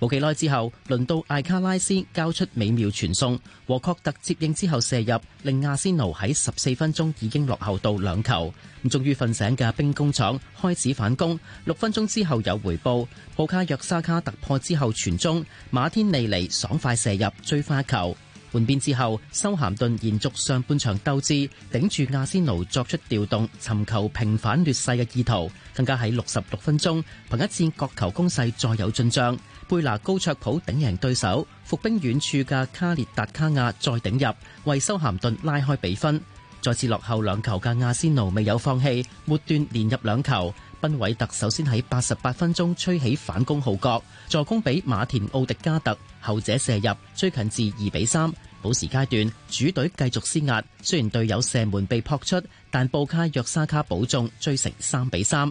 Speaker 14: 冇幾耐之後，輪到艾卡拉斯交出美妙傳送和確特接應之後射入，令亞仙奴喺十四分鐘已經落後到兩球。咁，終於瞓醒嘅兵工廠開始反攻。六分鐘之後有回報，布卡約沙卡突破之後傳中，馬天尼利爽快射入追花球。換邊之後，修咸頓延續上半場鬥志，頂住亞仙奴作出調動，尋求平反劣勢嘅意圖。更加喺六十六分鐘憑一戰角球攻勢再有進賬。貝拿高卓普頂贏對手，伏兵遠處嘅卡列達卡亞再頂入，為修咸頓拉開比分。再次落後兩球嘅阿仙奴未有放棄，末段連入兩球。賓韋特首先喺八十八分鐘吹起反攻號角，助攻俾馬田奧迪加特，後者射入，追近至二比三。補時階段，主隊繼續施壓，雖然隊友射門被撲出，但布卡約沙卡補中，追成三比三。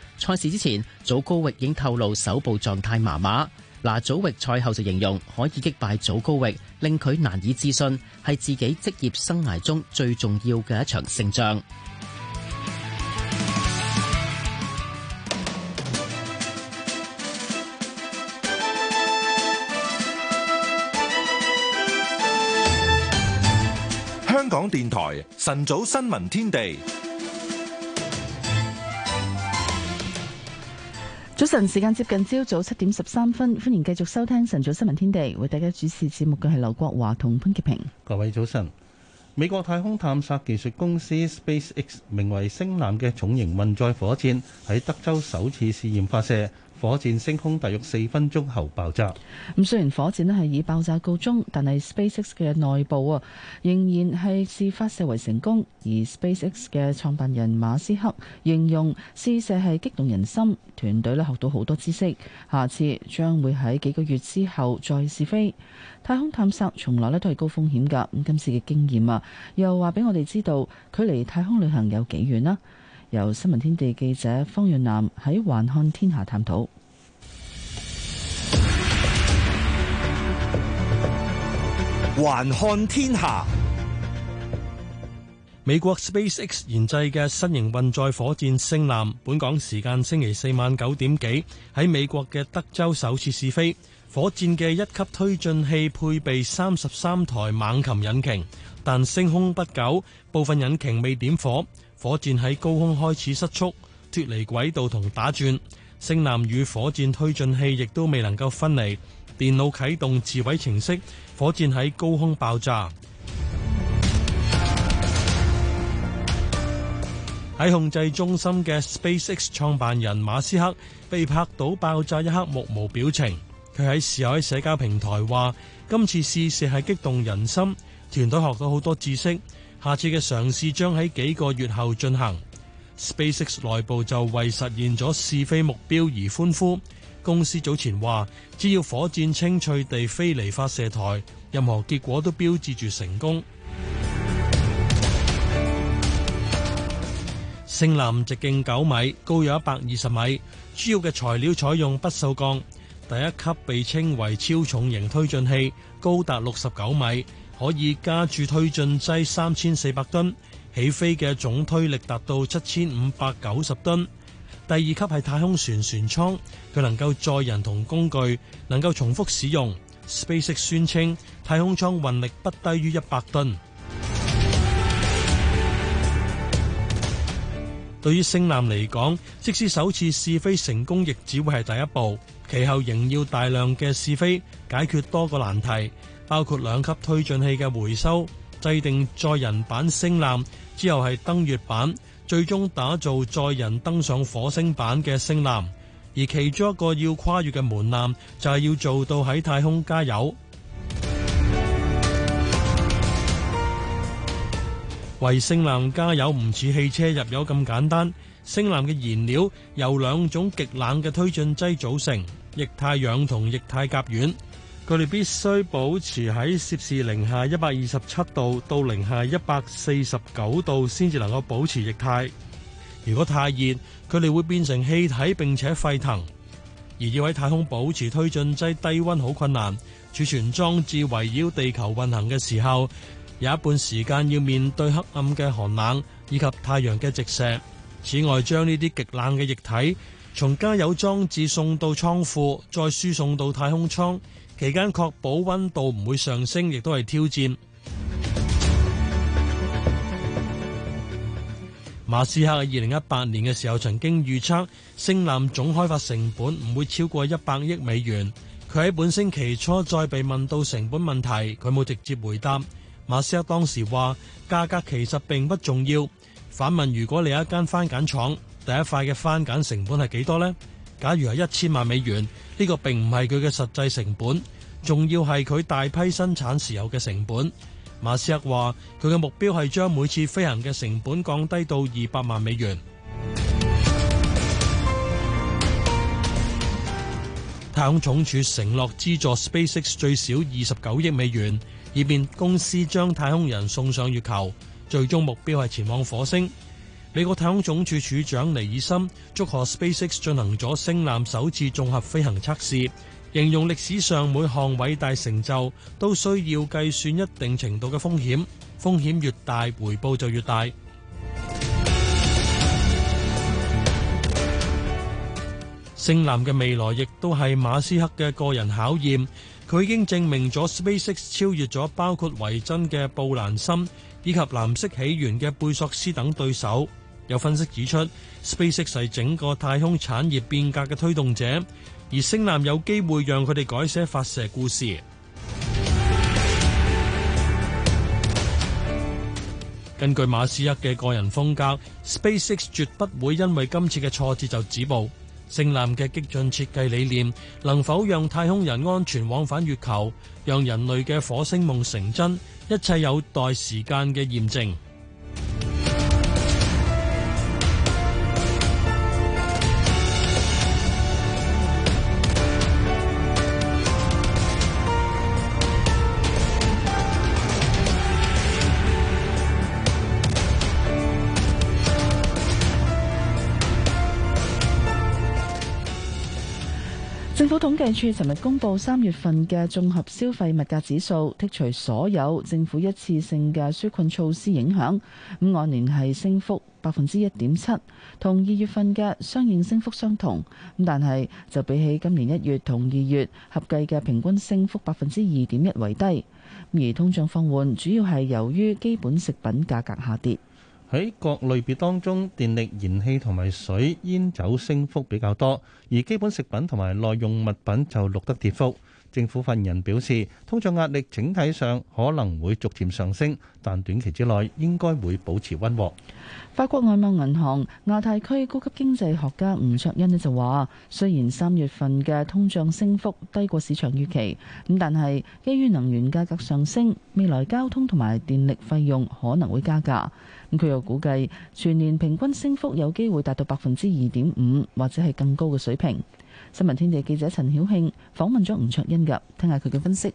Speaker 14: 賽事之前，祖高域已經透露手部狀態麻麻。嗱，祖域賽後就形容可以擊敗祖高域，令佢難以置信，係自己職業生涯中最重要嘅一場勝仗。
Speaker 1: 香港電台晨早新聞天地。
Speaker 3: 早晨，時間接近朝早七點十三分，歡迎繼續收聽晨早新聞天地。為大家主持節目嘅係劉國華同潘潔平。
Speaker 4: 各位早晨，美國太空探索技術公司 SpaceX 名為星艦嘅重型運載火箭喺德州首次試驗發射。火箭升空大約四分鐘後爆炸。
Speaker 3: 咁雖然火箭咧係以爆炸告終，但係 SpaceX 嘅內部啊，仍然係試發射為成功。而 SpaceX 嘅創辦人馬斯克形容試射係激動人心，團隊咧學到好多知識，下次將會喺幾個月之後再試飛。太空探索從來咧都係高風險㗎。咁今次嘅經驗啊，又話俾我哋知道距離太空旅行有幾遠啦。由新聞天地記者方若南喺環看天下探討。
Speaker 13: 環看天下，美國 SpaceX 研製嘅新型運載火箭星艦，本港時間星期四晚九點幾喺美國嘅德州首次試飛。火箭嘅一級推進器配備三十三台猛禽引擎，但升空不久，部分引擎未點火。火箭喺高空開始失速，脫離軌道同打轉。星艦與火箭推進器亦都未能夠分離。電腦啟動自毀程式，火箭喺高空爆炸。喺 控制中心嘅 SpaceX 創辦人馬斯克被拍到爆炸一刻目無表情。佢喺事後喺社交平台話：今次試射係激動人心，團隊學到好多知識。下次嘅嘗試將喺幾個月後進行。SpaceX 內部就為實現咗試飛目標而歡呼。公司早前話，只要火箭清脆地飛離發射台，任何結果都標誌住成功。星艦直徑九米，高有一百二十米，主要嘅材料採用不鏽鋼。第一級被稱為超重型推進器，高達六十九米。可以加注推進劑三千四百噸，起飛嘅總推力達到七千五百九十噸。第二級係太空船船艙，佢能夠載人同工具，能夠重複使用。SpaceX 宣稱太空艙運力不低於一百噸。 對於星艦嚟講，即使首次試飛成功，亦只會係第一步，其後仍要大量嘅試飛，解決多個難題。包括兩級推進器嘅回收，制定載人版星艦，之後係登月版，最終打造載人登上火星版嘅星艦。而其中一個要跨越嘅門檻，就係要做到喺太空加油。為星艦加油唔似汽車入油咁簡單，星艦嘅燃料由兩種極冷嘅推進劑組成，液態氧同液態甲烷佢哋必須保持喺攝氏零下一百二十七度到零下一百四十九度，先至能夠保持液態。如果太熱，佢哋會變成氣體並且沸騰。而要喺太空保持推進劑低溫好困難。儲存裝置圍繞地球運行嘅時候，有一半時間要面對黑暗嘅寒冷以及太陽嘅直射。此外，將呢啲極冷嘅液體從加油裝置送到倉庫，再輸送到太空艙。期間確保溫度唔會上升，亦都係挑戰。馬斯克喺二零一八年嘅時候曾經預測星艦總開發成本唔會超過一百億美元。佢喺本星期初再被問到成本問題，佢冇直接回答。馬斯克當時話：價格其實並不重要。反問：如果你有一間番梘廠，第一塊嘅番梘成本係幾多呢？假如係一千萬美元。呢個並唔係佢嘅實際成本，仲要係佢大批生產時候嘅成本。馬斯克話，佢嘅目標係將每次飛行嘅成本降低到二百萬美元。太空總署承諾資助 SpaceX 最少二十九億美元，以便公司將太空人送上月球，最終目標係前往火星。美國太空總署署長尼爾森祝賀 SpaceX 進行咗星艦首次綜合飛行測試，形容歷史上每項偉大成就都需要計算一定程度嘅風險，風險越大回報就越大。星艦嘅未來亦都係馬斯克嘅個人考驗，佢已經證明咗 SpaceX 超越咗包括維珍嘅布蘭森以及藍色起源嘅貝索斯等對手。有分析指出，SpaceX 係整個太空產業變革嘅推動者，而星艦有機會讓佢哋改寫發射故事。 根據馬斯克嘅個人風格，SpaceX 絕不會因為今次嘅挫折就止步。星艦嘅激進設計理念能否讓太空人安全往返月球，讓人類嘅火星夢成真，一切有待時間嘅驗證。
Speaker 3: 統計處尋日公布三月份嘅綜合消費物價指數，剔除所有政府一次性嘅紓困措施影響，咁按年係升幅百分之一點七，同二月份嘅相應升幅相同，咁但係就比起今年一月同二月合計嘅平均升幅百分之二點一為低，而通脹放緩主要係由於基本食品價格下跌。
Speaker 4: 喺各類別當中，電力、燃氣同埋水、煙酒升幅比較多，而基本食品同埋耐用物品就錄得跌幅。政府發言人表示，通脹壓力整體上可能會逐漸上升，但短期之內應該會保持溫和。
Speaker 3: 法國外貿銀行亞太區高級經濟學家吳卓恩呢就話，雖然三月份嘅通脹升幅低過市場預期，咁但係基於能源價格上升，未來交通同埋電力費用可能會加價。佢又估計全年平均升幅有機會達到百分之二點五或者係更高嘅水平。新聞天地記者陳曉慶訪問咗吳卓恩㗎，聽下佢嘅分析。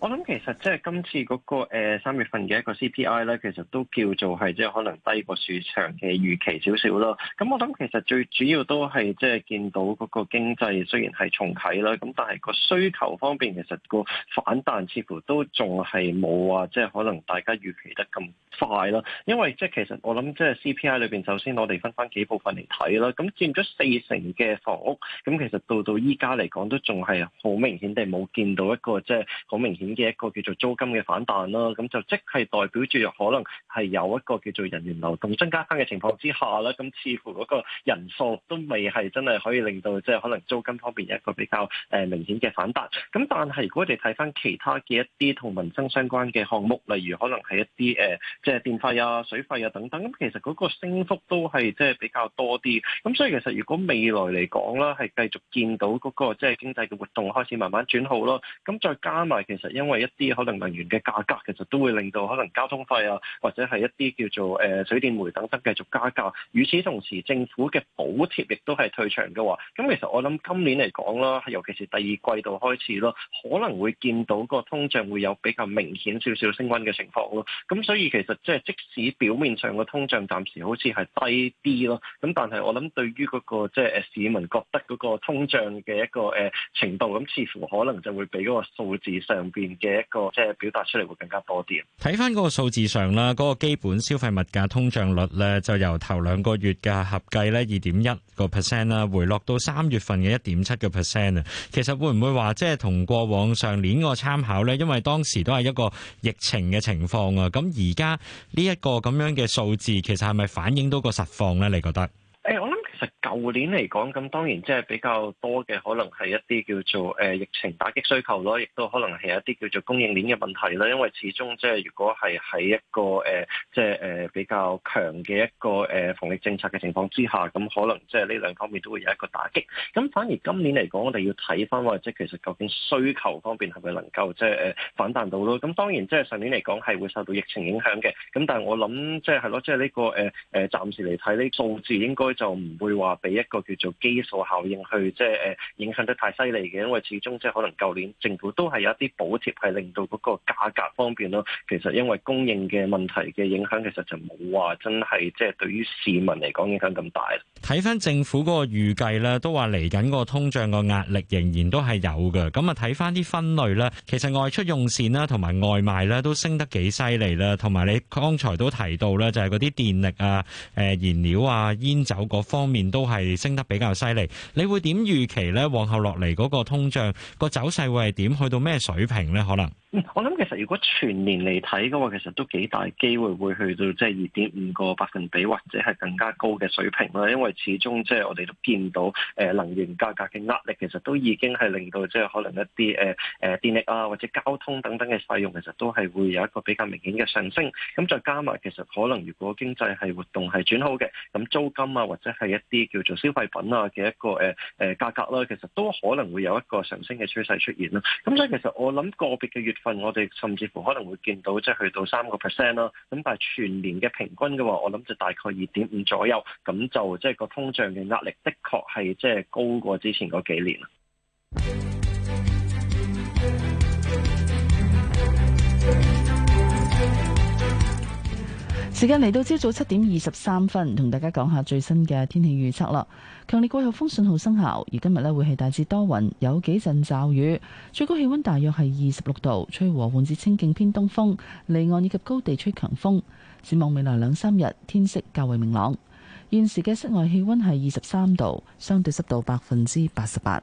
Speaker 15: 我諗其實即係今次嗰個誒三月份嘅一個 CPI 咧，其實都叫做係即係可能低過市場嘅預期少少咯。咁我諗其實最主要都係即係見到嗰個經濟雖然係重啟啦，咁但係個需求方面，其實個反彈似乎都仲係冇啊，即係可能大家預期得咁快啦。因為即係其實我諗即係 CPI 裏邊，首先我哋分翻幾部分嚟睇啦。咁佔咗四成嘅房屋，咁其實到到依家嚟講都仲係好明顯地冇見到一個即係好明顯嘅一個叫做租金嘅反彈啦，咁就即係代表住可能係有一個叫做人員流動增加翻嘅情況之下咧，咁似乎嗰個人數都未係真係可以令到即係可能租金方面有一個比較誒明顯嘅反彈。咁但係如果我哋睇翻其他嘅一啲同民生相關嘅項目，例如可能係一啲誒即係電費啊、水費啊等等，咁其實嗰個升幅都係即係比較多啲。咁所以其實如果未來嚟講啦，係繼續見到嗰個即係經濟嘅活動開始慢慢轉好咯，咁再加埋其實。因為一啲可能能源嘅價格，其實都會令到可能交通費啊，或者係一啲叫做誒、呃、水電煤等等繼續加價。與此同時，政府嘅補貼亦都係退場嘅話，咁其實我諗今年嚟講啦，尤其是第二季度開始咯，可能會見到個通脹會有比較明顯少少升溫嘅情況咯。咁所以其實即係即使表面上個通脹暫時好似係低啲咯，咁但係我諗對於嗰、那個即係誒市民覺得嗰個通脹嘅一個誒、呃、程度，咁似乎可能就會比嗰個數字上邊。嘅一個即係表達出嚟會更加多啲。
Speaker 16: 睇翻嗰個數字上啦，嗰個基本消費物價通脹率咧，就由頭兩個月嘅合計咧二點一個 percent 啦，回落到三月份嘅一點七個 percent 啊。其實會唔會話即係同過往上年個參考咧？因為當時都係一個疫情嘅情況啊。咁而家呢一個咁樣嘅數字，其實係咪反映到個實況咧？你覺得？
Speaker 15: 其實舊年嚟講，咁當然即係比較多嘅，可能係一啲叫做誒疫情打擊需求咯，亦都可能係一啲叫做供應鏈嘅問題啦。因為始終即係如果係喺一個誒即係誒比較強嘅一個誒防疫政策嘅情況之下，咁可能即係呢兩方面都會有一個打擊。咁反而今年嚟講，我哋要睇翻或者即係其實究竟需求方面係咪能夠即係誒反彈到咯？咁當然即係上年嚟講係會受到疫情影響嘅。咁但係我諗即係係咯，即係呢個誒誒暫時嚟睇呢數字應該就唔會話俾一個叫做基數效應去即係誒影響得太犀利嘅，因為始終即係可能舊年政府都係有一啲補貼係令到嗰個價格方面咯。其實因為供應嘅問題嘅影響，其實就冇話真係即係對於市民嚟講影響咁大。
Speaker 16: 睇翻政府嗰個預計咧，都話嚟緊個通脹個壓力仍然都係有嘅。咁啊睇翻啲分類啦，其實外出用膳啦同埋外賣咧都升得幾犀利啦。同埋你剛才都提到啦，就係嗰啲電力啊、誒燃料啊、煙酒嗰方面。面都係升得比較犀利，你會點預期咧？往後落嚟嗰個通脹個走勢會係點去到咩水平咧？可能？
Speaker 15: 我諗其實如果全年嚟睇嘅話，其實都幾大機會會去到即係二點五個百分比，或者係更加高嘅水平啦。因為始終即係我哋都見到誒、呃、能源價格嘅壓力，其實都已經係令到即係可能一啲誒誒電力啊，或者交通等等嘅費用，其實都係會有一個比較明顯嘅上升。咁再加埋其實可能如果經濟係活動係轉好嘅，咁租金啊或者係一啲叫做消費品啊嘅一個誒誒價格啦，其實都可能會有一個上升嘅趨勢出現啦。咁所以其實我諗個別嘅月份我哋甚至乎可能會見到即係去到三個 percent 啦，咁但係全年嘅平均嘅話，我諗就大概二點五左右，咁就即係個通脹嘅壓力，的確係即係高過之前嗰幾年。
Speaker 3: 時間嚟到朝早七點二十三分，同大家講下最新嘅天氣預測啦。強烈季候風信號生效，而今日呢會係大致多雲，有幾陣驟雨。最高氣溫大約係二十六度，吹和緩至清勁偏東風，離岸以及高地吹強風。展望未來兩三日，天色較為明朗。現時嘅室外氣溫係二十三度，相對濕度百分之八十八。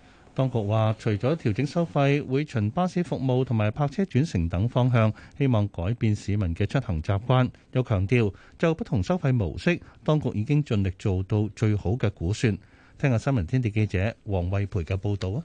Speaker 4: 當局話，除咗調整收費，會循巴士服務同埋泊車轉乘等方向，希望改變市民嘅出行習慣。又強調，就不同收費模式，當局已經盡力做到最好嘅估算。聽下新聞天地記者黃慧培嘅報導
Speaker 17: 啊！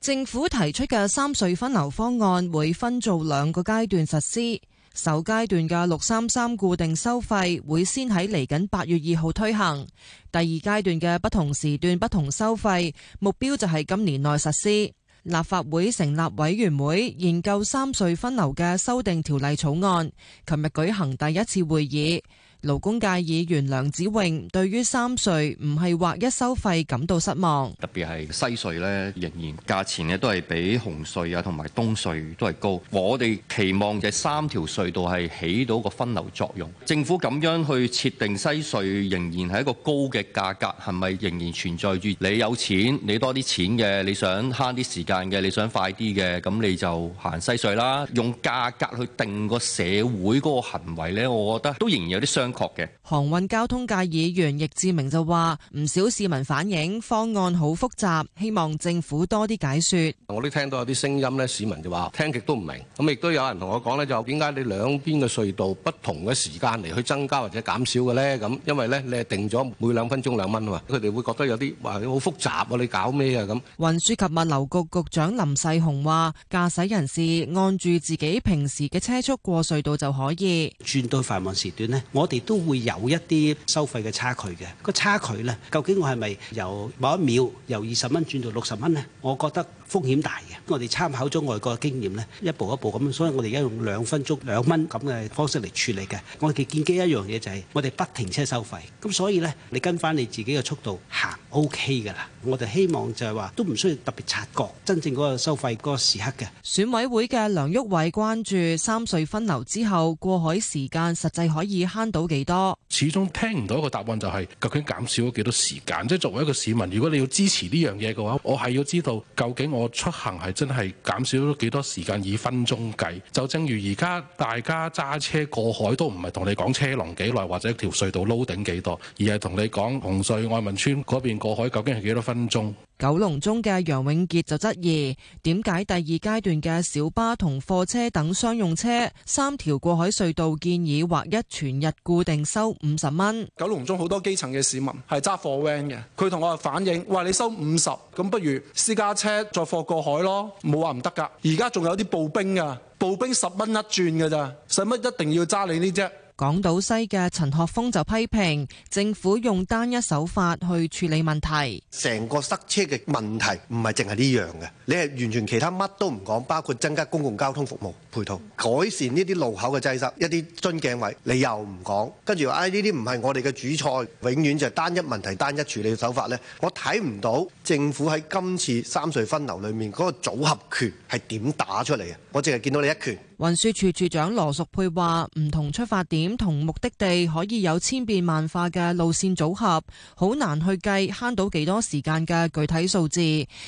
Speaker 17: 政府提出嘅三隧分流方案會分做兩個階段實施。首階段嘅六三三固定收費會先喺嚟緊八月二號推行，第二階段嘅不同時段不同收費目標就係今年內實施。立法會成立委員會研究三隧分流嘅修訂條例草案，琴日舉行第一次會議。勞工界議員梁子穎對於三隧唔係劃一收費感到失望，
Speaker 16: 特別係西隧咧，仍然價錢咧都係比紅隧啊同埋東隧都係高。我哋期望就係三條隧道係起到個分流作用。政府咁樣去設定西隧仍然係一個高嘅價格，係咪仍然存在住你有錢你多啲錢嘅，你想慳啲時間嘅，你想快啲嘅，咁你就行西隧啦。用價格去定個社會嗰個行為咧，我覺得都仍然有啲相。確
Speaker 17: 航運交通界議員易志明就話唔少市民反映方案好複雜，希望政府多啲解說。
Speaker 11: 我都聽到有啲聲音咧，市民就話聽極都唔明，咁亦都有人同我講咧，就點解你兩邊嘅隧道，不同嘅時間嚟，去增加或者減少嘅呢？咁因為咧你係定咗每兩分鐘兩蚊啊嘛，佢哋會覺得有啲話你好複雜啊，你搞咩啊咁？
Speaker 17: 運輸及物流局局長林世雄話，駕駛人士按住自己平時嘅車速過隧道就可以。
Speaker 11: 轉
Speaker 9: 到繁忙時段呢。我亦都會有一啲收費嘅差距嘅，個差距咧，究竟我係咪由某一秒由二十蚊轉到六十蚊咧？我覺得。風險大嘅，我哋參考咗外國嘅經驗咧，一步一步咁，所以我哋而家用兩分鐘兩蚊咁嘅方式嚟處理嘅。我哋嘅見機一樣嘢就係，我哋不停車收費，咁所以咧，你跟翻你自己嘅速度行 O K 噶啦。我哋希望就係話都唔需要特別察覺真正嗰個收費嗰個時刻嘅。
Speaker 17: 選委會嘅梁毓偉關注三隧分流之後過海時間實際可以慳到幾多？
Speaker 11: 始終聽唔到一個答案就係，究竟減少咗幾多時間，即係作為一個市民，如果你要支持呢樣嘢嘅話，我係要知道究竟我。出行係真係減少咗幾多時間以分鐘計，就正如而家大家揸車過海都唔係同你講車龍幾耐或者條隧道撈頂幾多，而係同你講紅隧愛民村嗰邊過海究竟係幾多分鐘。
Speaker 17: 九龍中嘅楊永杰就質疑：點解第二階段嘅小巴同貨車等商用車三條過海隧道建議劃一
Speaker 1: 全日固定收五十蚊？九龍中好多基層嘅市民係揸貨 Van 嘅，佢同我話反映話，你收五十咁，不如私家車再貨過海咯，冇話唔得噶。而家仲有啲步兵噶，步兵十蚊一轉噶咋，使乜一定要揸你呢隻？
Speaker 17: 港島西嘅陳學鋒就批評政府用單一手法去處理
Speaker 15: 問題，成個塞車嘅問題唔係淨係呢樣嘅，你係完全其他乜都唔講，包括增加公共交通服務。配套改善呢啲路口嘅擠塞，一啲樽頸位你又唔講，跟住話呢啲唔係我哋嘅主菜，永遠就單一問題單一處理嘅手法咧。我睇唔到政府喺今次三隧分流裏面嗰個組合拳係點打出嚟嘅。我淨係見到你一拳。
Speaker 17: 運輸署署長羅淑佩話唔同出發點同目的地可以有千變萬化嘅路線組合，好難去計慳到幾多時間嘅具體數字，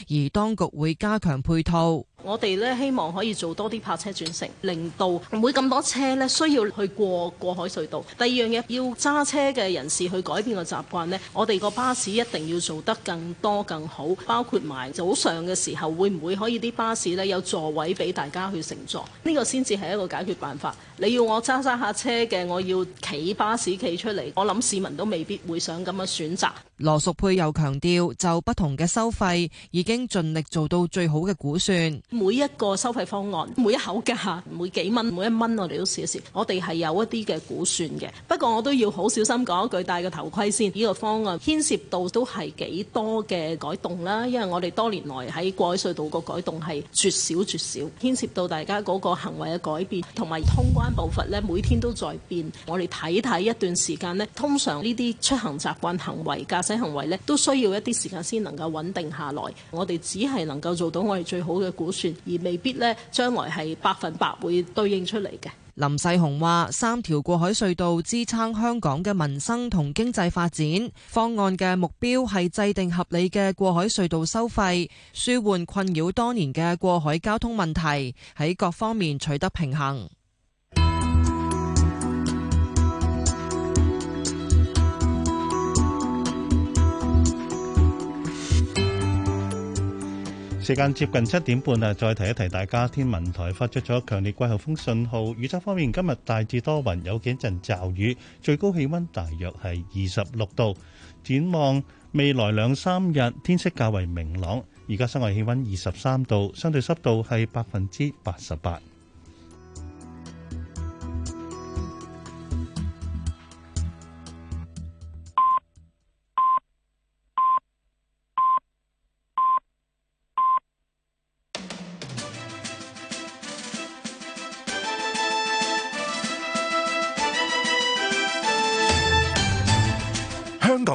Speaker 17: 而當局會加強配套。
Speaker 14: 我
Speaker 8: 哋咧希望可以做多啲泊車轉乘，令到唔會咁多車呢需要去過過海隧道。第二樣嘢，要揸車嘅人士去改變個習慣呢，我哋個巴士一定要做得更多更好，包括埋早上嘅時候，會唔會可以啲巴士呢有座位俾大家去乘坐？呢個先至係一個解決辦法。你要我揸揸下車嘅，我要企巴士企出嚟。我諗市民都未必會想咁樣選擇。
Speaker 17: 羅淑佩又強調，就不同嘅收費已經盡力做到最好嘅估算。
Speaker 8: 每一個收費方案，每一口價，每幾蚊，每一蚊，我哋都試一試，我哋係有一啲嘅估算嘅。不過我都要好小心講一句，戴個頭盔先。呢個方案牽涉到都係幾多嘅改動啦，因為我哋多年來喺過海隧道個改動係絕少絕少，牽涉到大家嗰個行為嘅改變同埋通關。步伐咧，每天都在變。我哋睇睇一段時間呢，通常呢啲出行習慣、行為、駕駛行為呢，都需要一啲時間先能夠穩定下來。我哋只係能夠做到我哋最好嘅估算，而未必呢將來係百分百會對應出嚟嘅。
Speaker 17: 林世雄話：三條過海隧道支撐香港嘅民生同經濟發展方案嘅目標係制定合理嘅過海隧道收費，舒緩困擾多年嘅過海交通問題，喺各方面取得平衡。
Speaker 4: 時間接近七點半啦，再提一提大家，天文台發出咗強烈季候風信號。預測方面，今日大致多雲，有幾陣驟雨，最高氣溫大約係二十六度。展望未來兩三日，天色較為明朗。而家室外氣溫二十三度，相對濕度係百分之八十八。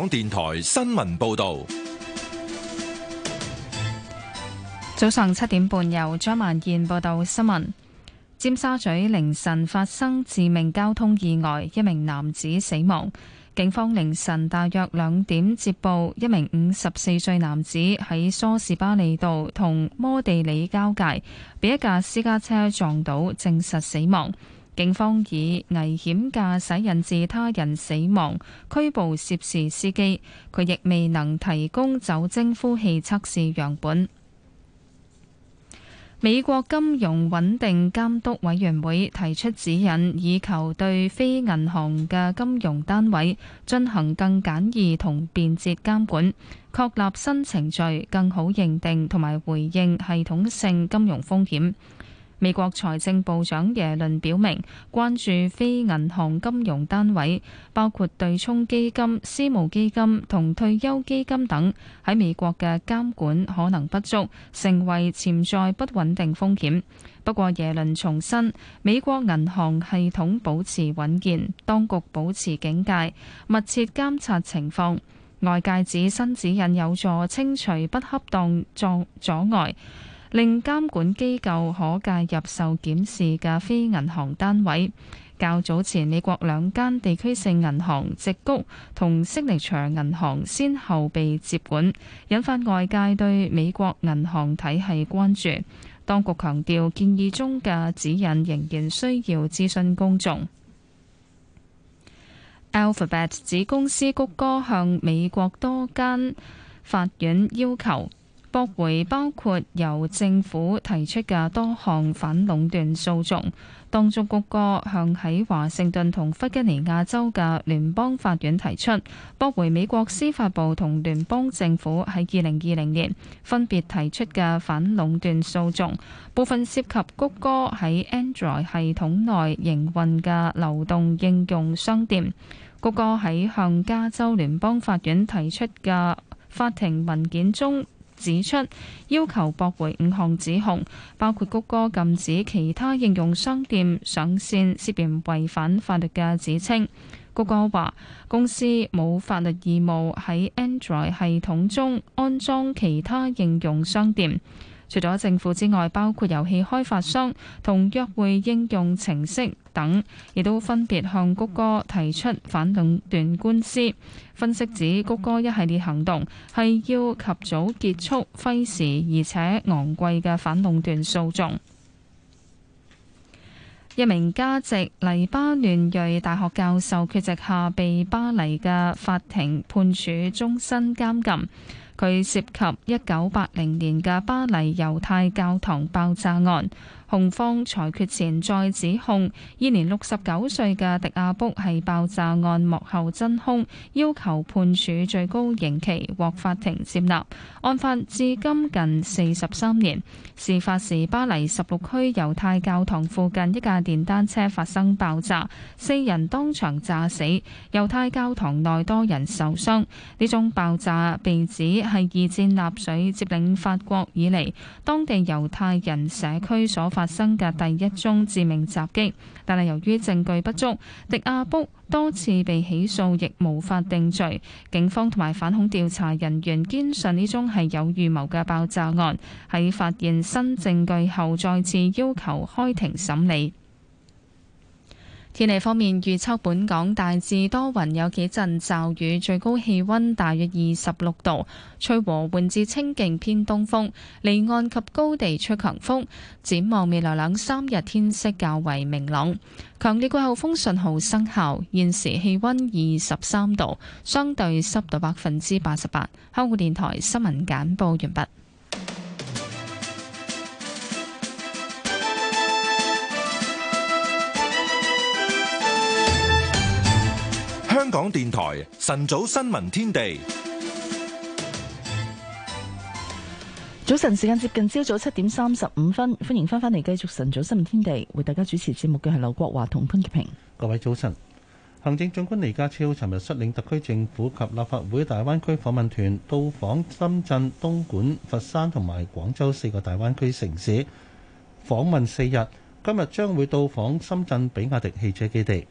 Speaker 1: 港電台新聞報道：
Speaker 2: 早上七點半，由張曼燕報道新聞。尖沙咀凌晨發生致命交通意外，一名男子死亡。警方凌晨大約兩點接報，一名五十四歲男子喺梳士巴利道同摩地里交界，被一架私家車撞倒，證實死亡。警方以危險駕駛引致他人死亡拘捕涉事司機，佢亦未能提供酒精呼氣測試樣本。美國金融穩定監督委員會提出指引，以求對非銀行嘅金融單位進行更簡易同便捷監管，確立新程序，更好認定同埋回應系統性金融風險。美國財政部長耶倫表明，關注非銀行金融單位，包括對沖基金、私募基金同退休基金等，喺美國嘅監管可能不足，成為潛在不穩定風險。不過，耶倫重申美國銀行系統保持穩健，當局保持警戒，密切監察情況。外界指新指引有助清除不恰當作阻礙。令監管機構可介入受檢視嘅非銀行單位。較早前美國兩間地區性銀行矽谷同 Signature 銀行，先後被接管，引發外界對美國銀行體系關注。當局強調，建議中嘅指引仍然需要諮詢公眾。Alphabet 子公司谷歌向美國多間法院要求。駁回包括由政府提出嘅多項反壟斷訴訟，當中，谷歌向喺華盛頓同弗吉尼亞州嘅聯邦法院提出，駁回美國司法部同聯邦政府喺二零二零年分別提出嘅反壟斷訴訟，部分涉及谷歌喺 Android 系統內營運嘅流動應用商店。谷歌喺向加州聯邦法院提出嘅法庭文件中。指出要求駁回五項指控，包括谷歌禁止其他應用商店上線，涉嫌違反法律嘅指稱。谷歌話公司冇法律義務喺 Android 系統中安裝其他應用商店。除咗政府之外，包括遊戲開發商同約會應用程式等，亦都分別向谷歌提出反壟斷官司。分析指，谷歌一系列行動係要及早結束，費時而且昂貴嘅反壟斷訴訟。一名加籍黎巴嫩裔大學教授缺席下，被巴黎嘅法庭判處終身監禁。佢涉及一九八零年嘅巴黎猶太教堂爆炸案。控方裁決前再指控，現年六十九歲嘅迪亞卜係爆炸案幕後真兇，要求判處最高刑期，獲法庭接納。案發至今近四十三年，事發時巴黎十六區猶太教堂附近一架電單車發生爆炸，四人當場炸死，猶太教堂內多人受傷。呢宗爆炸被指係二戰納粹佔領法國以嚟，當地猶太人社區所發發生嘅第一宗致命襲擊，但係由於證據不足，迪亞卜多次被起訴，亦無法定罪。警方同埋反恐調查人員堅信呢宗係有預謀嘅爆炸案，喺發現新證據後，再次要求開庭審理。天氣方面，預測本港大致多雲，有幾陣驟雨，最高氣溫大約二十六度，吹和緩至清勁偏東風，離岸及高地吹強風。展望未來兩三日天色較為明朗，強烈季候風信號生效。現時氣溫二十三度，相對濕度百分之八十八。香港電台新聞簡報完畢。
Speaker 1: 香港電台晨早新聞天地，
Speaker 3: 早晨時間接近朝早七點三十五分，歡迎翻返嚟繼續晨早新聞天地，為大家主持節目嘅係劉國華同潘潔平。
Speaker 4: 各位早晨，行政長官李家超尋日率領特區政府及立法會大灣區訪問團到訪深圳、東莞、佛山同埋廣州四個大灣區城市訪問四日。今日將會到訪深圳比亞迪汽車基地。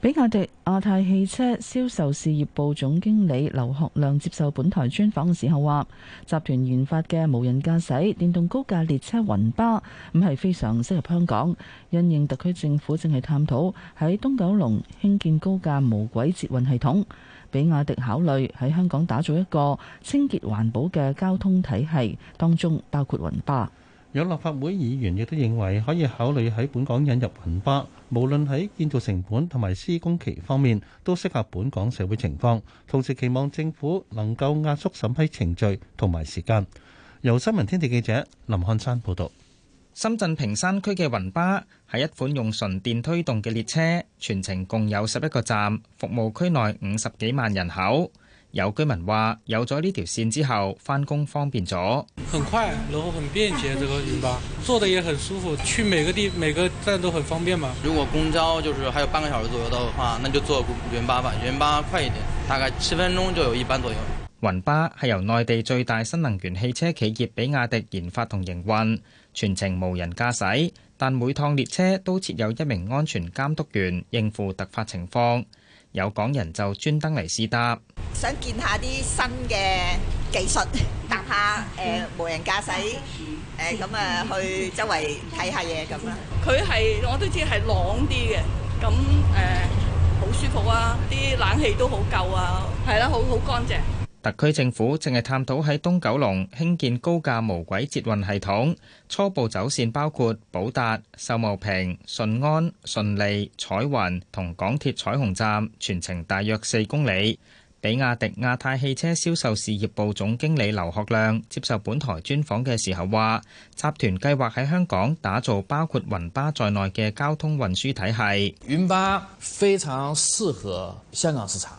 Speaker 4: 比亞
Speaker 3: 迪亞太汽車銷售事業部總經理劉學亮接受本台專訪嘅時候話：集團研發嘅無人駕駛電動高架列車雲巴，咁係非常適合香港。因應特區政府正係探討喺東九龍興建高架無軌捷運系統，比亞迪考慮喺香港打造一個清潔環保嘅交通體系，當中包括雲巴。
Speaker 4: 有立法會議員亦都認為可以考慮喺本港引入雲巴，無論喺建造成本同埋施工期方面，都適合本港社會情況。同時期望政府能夠壓縮審批程序同埋時間。由新聞天地記者林漢山報導。深圳
Speaker 12: 坪山區嘅雲巴係一款用純電推動嘅列車，全程共有十一個站，服務區內五十幾萬人口。有居民話：有咗呢條線之後，翻工方便咗。
Speaker 13: 很快，然後很便捷，這個雲巴坐得也很舒
Speaker 11: 服，去每個地每個站都很方便嘛。如果公交就是還有半個小時左右到的話，那就坐雲巴吧，雲巴快一點，大概七分鐘就有一班左右。
Speaker 12: 雲巴係由內地最大新能源汽車企業比亞迪研發同營運，全程無人駕駛，但每趟列車都設有一名安全監督員應付突發情況。有港人就專登嚟試搭，
Speaker 5: 想見下啲新嘅技術，搭下誒無人駕駛誒咁誒去周圍
Speaker 3: 睇下嘢咁啊！佢係我都知係涼啲嘅，咁誒好舒服啊，啲冷氣都好夠啊，係啦，好好乾淨。
Speaker 12: 特區政府正係探討喺東九龍興建高架無軌捷運系統，初步走線包括寶達、秀茂坪、順安、順利、彩雲同港鐵彩虹站，全程大約四公里。比亞迪亞太汽車銷售事業部總經理劉學亮接受本台專訪嘅時候話，集團計劃喺香港打造包括雲巴在內嘅交通運輸體系。雲巴非常
Speaker 9: 適合香港市場。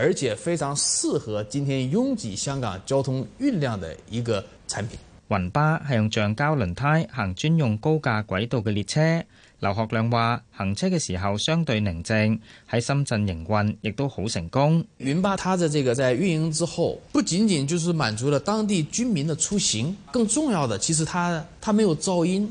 Speaker 9: 而且非常適合今天擁擠香港交通運量的一個
Speaker 12: 產品。雲巴係用橡膠輪胎行專用高架軌道嘅列車。劉學亮話，行車嘅時候相對寧靜，喺深圳營運亦都好成功。
Speaker 9: 雲巴它的這個在運營之後，不僅僅就是滿足了當地居民的出行，更重要的其實它它沒有噪音。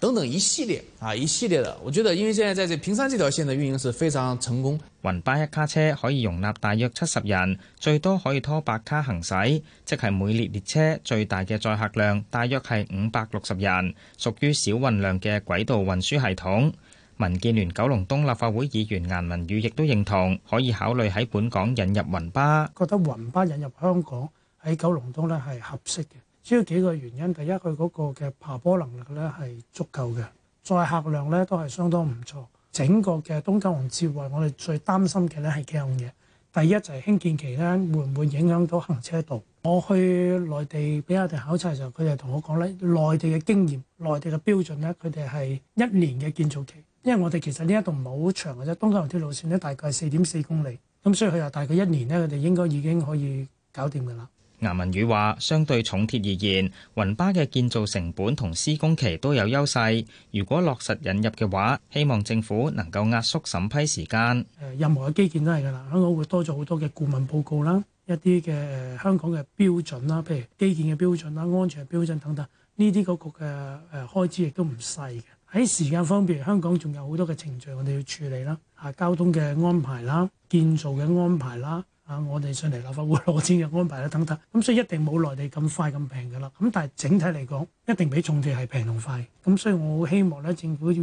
Speaker 9: 等等一系列啊，一系列的，我覺得因為現在在這平山這條線的運營是
Speaker 12: 非常成功。雲巴一卡車可以容納大約七十人，最多可以拖八卡行駛，即係每列列車最大嘅載客量大約係五百六十人，屬於小運量嘅軌道運輸系統。民建聯九龍東立法會議員顏文宇亦都認同，可以考慮喺本港引入雲
Speaker 10: 巴。覺得雲巴引入香港喺九龍東咧，係合適嘅。主要幾個原因，第一佢嗰個嘅爬坡能力咧係足夠嘅，載客量咧都係相當唔錯。整個嘅東九龍接運，我哋最擔心嘅咧係幾樣嘢。第一就係興建期咧會唔會影響到行車度？我去內地俾我哋考察嘅時候，佢哋同我講咧內地嘅經驗、內地嘅標準咧，佢哋係一年嘅建造期，因為我哋其實呢一度唔係好長嘅啫。東九龍鐵路線咧大概係四點四公里，咁所以佢話大概一年咧，佢哋應該已經可以搞掂嘅啦。
Speaker 12: 顏文宇話：相對重鐵而言，雲巴嘅建造成本同施工期都有優勢。如果落實引入嘅話，希望政府能夠壓縮審批時間。
Speaker 10: 誒，任何嘅基建都係噶啦，香港會多咗好多嘅顧問報告啦，一啲嘅誒香港嘅標準啦，譬如基建嘅標準啦、安全嘅標準等等，呢啲嗰局嘅誒開支亦都唔細嘅。喺時間方面，香港仲有好多嘅程序我哋要處理啦，啊交通嘅安排啦，建造嘅安排啦。啊！我哋上嚟立法會攞錢嘅安排咧，等等咁，所以一定冇內地咁快咁平㗎喇。咁但係整體嚟講，一定比重地係平同快。咁所以我好希望咧，政府要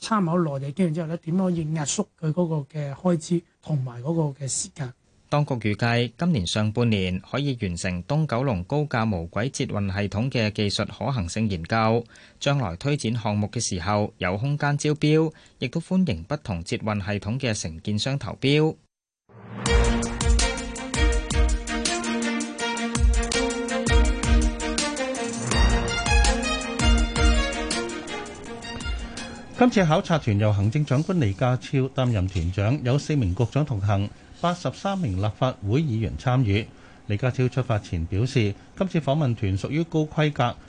Speaker 10: 參考內地經驗之後咧，點樣可以壓縮佢嗰個嘅開支同埋嗰個嘅時間。
Speaker 12: 當局預計今年上半年可以完成東九龍高架無軌捷運系統嘅技術可行性研究，將來推展項目嘅時候有空間招標，亦都歡迎不同捷運系統嘅承建商投標。
Speaker 4: 今次考察團由行政長官李家超擔任團長，有四名局長同行，八十三名立法會議員參與。李家超出發前表示，今次訪問團屬於高規格。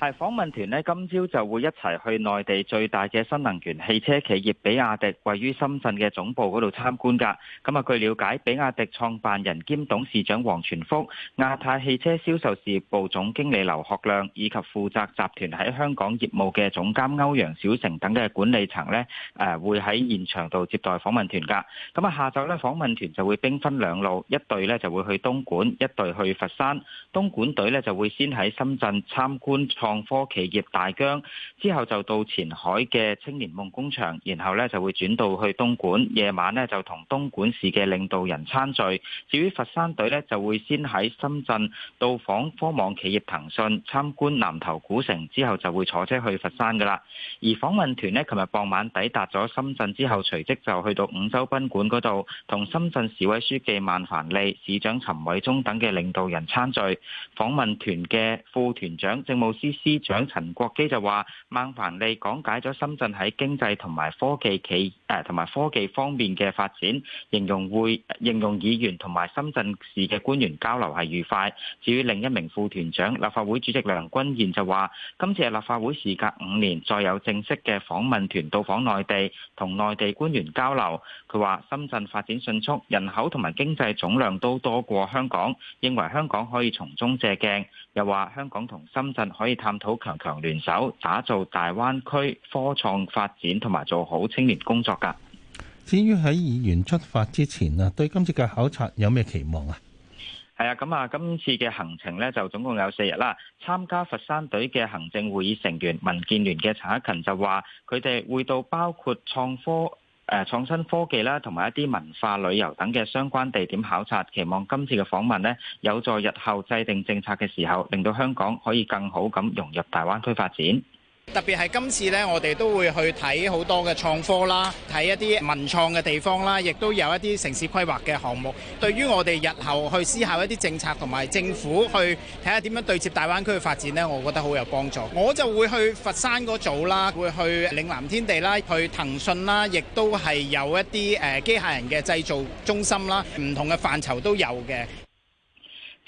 Speaker 12: 係訪問團咧，今朝就會一齊去內地最大嘅新能源汽車企業比亞迪位於深圳嘅總部嗰度參觀噶。咁啊，據了解，比亞迪創辦人兼董事長王傳福、亞太汽車銷售事業部總經理劉學亮以及負責集團喺香港業務嘅總監歐陽小成等嘅管理層咧，誒，會喺現場度接待訪問團噶。咁啊，下晝咧，訪問團就會兵分兩路，一隊咧就會去東莞，一隊去佛山。東莞隊咧就會先喺深圳參觀創。創科企業大疆之後就到前海嘅青年夢工場，然後呢就會轉到去東莞，夜晚呢就同東莞市嘅領導人餐聚。至於佛山隊呢，就會先喺深圳到訪科網企業騰訊，參觀南頭古城之後就會坐車去佛山噶啦。而訪問團呢，琴日傍晚抵達咗深圳之後，隨即就去到五洲賓館嗰度，同深圳市委書記孟凡利、市長陳偉忠等嘅領導人餐聚。訪問團嘅副團長政務司。司長陳國基就話：孟凡利講解咗深圳喺經濟同埋科技企。同埋科技方面嘅發展，形容會形容議員同埋深圳市嘅官員交流係愉快。至於另一名副團長立法會主席梁君彥就話，今次係立法會時隔五年再有正式嘅訪問團到訪內地，同內地官員交流。佢話深圳發展迅速，人口同埋經濟總量都多過香港，認為香港可以從中借鏡，又話香港同深圳可以探討強強聯手，打造大灣區科創發展同埋做好青年工作。
Speaker 4: 至於喺議員出發之前啊，對今次嘅考察有咩期望啊？
Speaker 12: 係啊，咁啊，今次嘅行程呢，就總共有四日啦。參加佛山隊嘅行政會議成員民建聯嘅陳克勤就話，佢哋會到包括創科誒、呃、創新科技啦，同埋一啲文化旅遊等嘅相關地點考察，期望今次嘅訪問呢，有助日後制定政策嘅時候，令到香港可以更好咁融入大灣區發展。特別係今次咧，我哋都會去睇好多嘅創科啦，睇一啲文創嘅地方啦，亦都有一啲城市規劃嘅項目。對於我哋日後去思考一啲政策同埋政府去睇下點樣對接大灣區嘅發展呢，我覺得好有幫助。我就會去佛山嗰組啦，會去嶺南天地啦，去騰訊啦，亦都係有一啲誒機械人嘅製造中心啦，唔同嘅範疇都有嘅。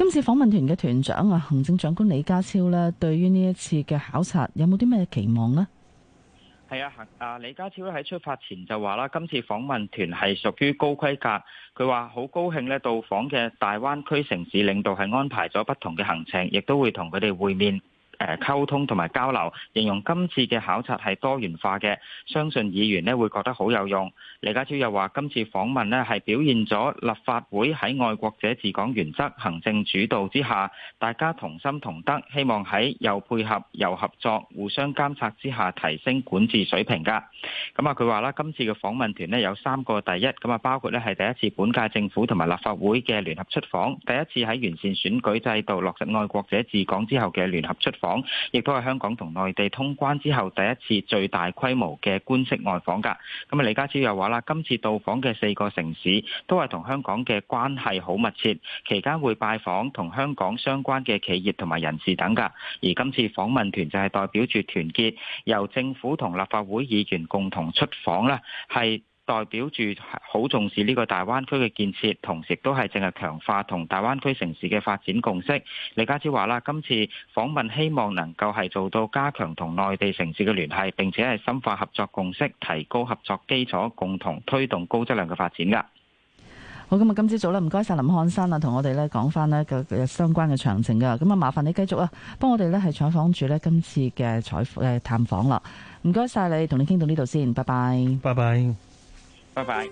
Speaker 3: 今次訪問團嘅團長啊，行政長官李家超呢，對於呢一次嘅考察有冇啲咩期望呢？
Speaker 12: 係啊，啊，李家超喺出發前就話啦，今次訪問團係屬於高規格，佢話好高興呢到訪嘅大灣區城市領導係安排咗不同嘅行程，亦都會同佢哋會面誒溝通同埋交流，形容今次嘅考察係多元化嘅，相信議員呢會覺得好有用。李家超又話：今次訪問呢係表現咗立法會喺愛國者治港原則、行政主導之下，大家同心同德，希望喺又配合又合作、互相監察之下，提升管治水平噶。咁、嗯、啊，佢話啦，今次嘅訪問團呢，有三個第一，咁啊，包括呢係第一次本屆政府同埋立法會嘅聯合出訪，第一次喺完善選舉制度、落實愛國者治港之後嘅聯合出訪，亦都係香港同內地通關之後第一次最大規模嘅官式外訪噶。咁、嗯、啊，李家超又話。今次到訪嘅四個城市都係同香港嘅關係好密切，期間會拜訪同香港相關嘅企業同埋人士等㗎。而今次訪問團就係代表住團結，由政府同立法會議員共同出訪啦，係。代表住好重視呢個大灣區嘅建設，同時都係淨係強化同大灣區城市嘅發展共識。李家超話啦，今次訪問希望能夠係做到加強同內地城市嘅聯繫，並且係深化合作共識，提高合作基礎，共同推動高質量嘅發展噶。
Speaker 3: 好，咁啊，今朝早啦，唔該晒林漢山啊，同我哋咧講翻咧個相關嘅詳情噶。咁啊，麻煩你繼續啊，幫我哋咧係採訪住咧今次嘅採誒探訪啦。唔該晒你，同你傾到呢度先，拜拜，
Speaker 4: 拜拜。拜拜。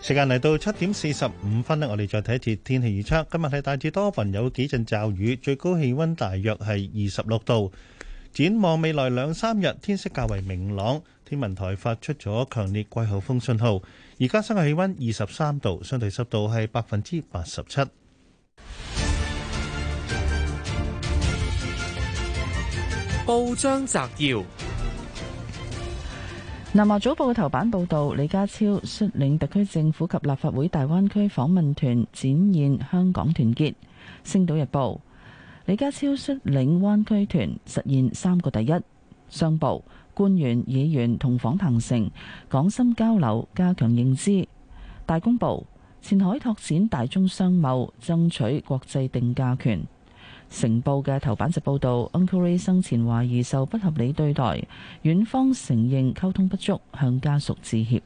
Speaker 4: 時間嚟到七點四十五分咧，我哋再睇一次天氣預測。今日係大致多雲，有幾陣驟雨，最高氣溫大約係二十六度。展望未來兩三日，天色較為明朗。天文台發出咗強烈季候風信號。而家室外氣溫二十三度，相對濕度係百分之八十七。
Speaker 3: 報章摘要：南華早報嘅頭版報道，李家超率領特區政府及立法會大灣區訪問團展現香港團結。《星島日報》：李家超率領灣區團實現三個第一。商報。官員、議員同訪鵬城，港深交流，加強認知。大公報前海拓展大宗商貿，爭取國際定價權。成報嘅頭版就報道 ，Uncle Ray 生前懷疑受不合理對待，院方承認溝通不足，向家屬致歉。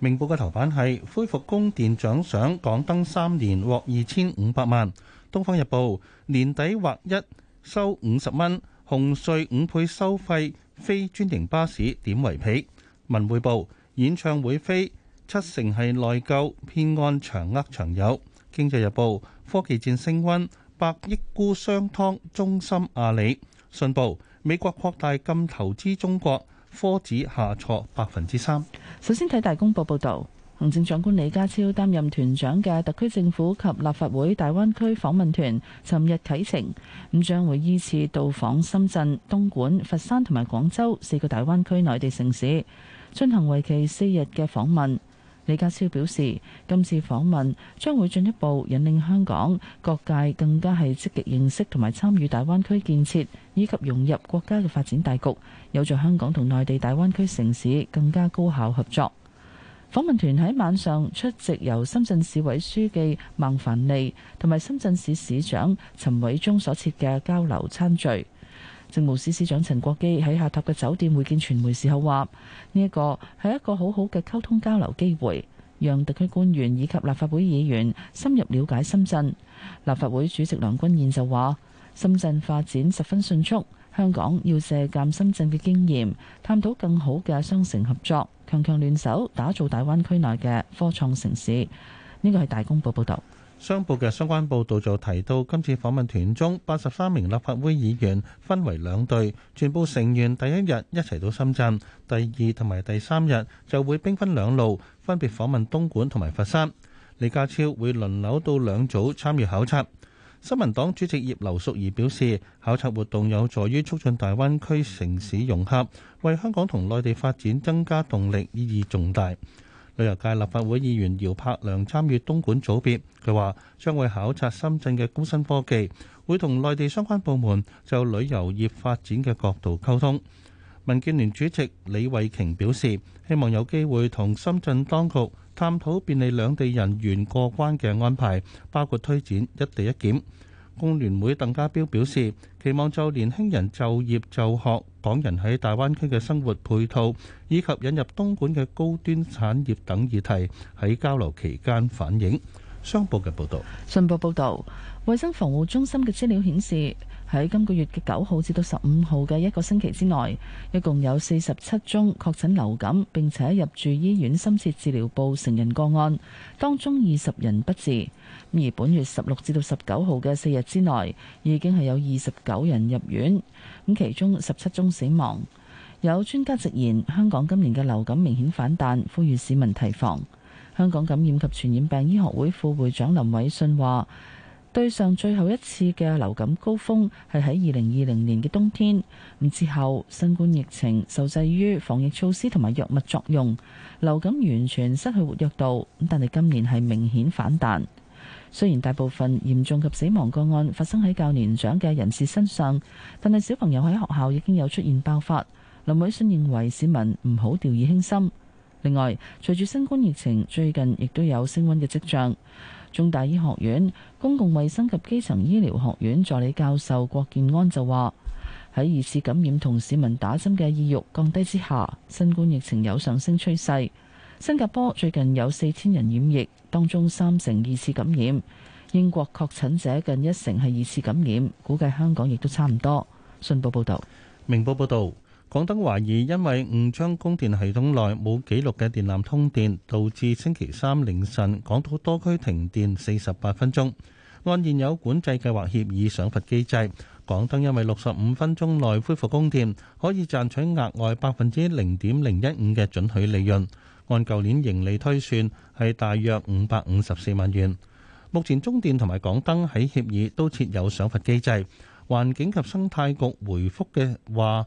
Speaker 4: 明報嘅頭版係恢復供電獎賞，港燈三年獲二千五百萬。東方日報年底或一收五十蚊，紅隧五倍收費。非專營巴士點維皮？文匯報演唱會飛七成係內購，偏安長握長有。經濟日報科技戰升温，百億沽商湯中心阿里。信報美國擴大禁投資中國，科指下挫百分之三。
Speaker 3: 首先睇大公報報道。行政長官李家超擔任團長嘅特區政府及立法會大灣區訪問團，尋日啟程，咁將會依次到訪深圳、東莞、佛山同埋廣州四個大灣區內地城市，進行為期四日嘅訪問。李家超表示，今次訪問將會進一步引領香港各界更加係積極認識同埋參與大灣區建設，以及融入國家嘅發展大局，有助香港同內地大灣區城市更加高效合作。訪問團喺晚上出席由深圳市委書記孟凡利同埋深圳市市長陳偉忠所設嘅交流餐聚。政務司司長陳國基喺下榻嘅酒店會見傳媒時候話：呢一個係一個好好嘅溝通交流機會，讓特區官員以及立法會議員深入了解深圳。立法會主席梁君彥就話：深圳發展十分迅速，香港要借鑑深圳嘅經驗，探討更好嘅雙城合作。強強聯手，打造大灣區內嘅科創城市。呢個係大公報報導。
Speaker 4: 商報嘅相關報導就提到，今次訪問團中八十三名立法會議員分為兩隊，全部成員第一日一齊到深圳，第二同埋第三日就會兵分兩路，分別訪問東莞同埋佛山。李家超會輪流到兩組參與考察。新民黨主席葉劉淑儀表示，考察活動有助於促進大灣區城市融合，為香港同內地發展增加動力，意義重大。旅遊界立法會議員姚柏良參與東莞組別，佢話將會考察深圳嘅高新科技，會同內地相關部門就旅遊業發展嘅角度溝通。民建聯主席李慧瓊表示，希望有機會同深圳當局，探討便利兩地人員過關嘅安排，包括推展一地一檢。工聯會鄧家彪表示，期望就年輕人就業就學、港人喺大灣區嘅生活配套，以及引入東莞嘅高端產業等議題，喺交流期間反映。商報嘅報道，
Speaker 3: 信報報道，衛生防護中心嘅資料顯示，喺今個月嘅九號至到十五號嘅一個星期之內，一共有四十七宗確診流感，並且入住醫院深切治療部成人個案，當中二十人不治。而本月十六至到十九號嘅四日之內，已經係有二十九人入院，咁其中十七宗死亡。有專家直言，香港今年嘅流感明顯反彈，呼籲市民提防。香港感染及傳染病醫學會副會長林偉信話：對上最後一次嘅流感高峰，係喺二零二零年嘅冬天，咁之後新冠疫情受制於防疫措施同埋藥物作用，流感完全失去活躍度。但係今年係明顯反彈。雖然大部分嚴重及死亡個案發生喺較年長嘅人士身上，但係小朋友喺學校已經有出現爆發。林偉信認為市民唔好掉以輕心。另外，隨住新冠疫情最近亦都有升溫嘅跡象。中大醫學院公共衛生及基層醫療學院助理教授郭健安就話：喺二次感染同市民打針嘅意欲降低之下，新冠疫情有上升趨勢。新加坡最近有四千人染疫，當中三成二次感染；英國確診者近一成係二次感染，估計香港亦都差唔多。信報報道，
Speaker 4: 明報報道。港燈懷疑，因為誤將供電系統內冇記錄嘅電纜通電，導致星期三凌晨港島多區停電四十八分鐘。按現有管制計劃協議賞罰機制，港燈因為六十五分鐘內恢復供電，可以賺取額外百分之零點零一五嘅準許利潤。按舊年盈利推算，係大約五百五十四萬元。目前中電同埋港燈喺協議都設有賞罰機制。環境及生態局回覆嘅話，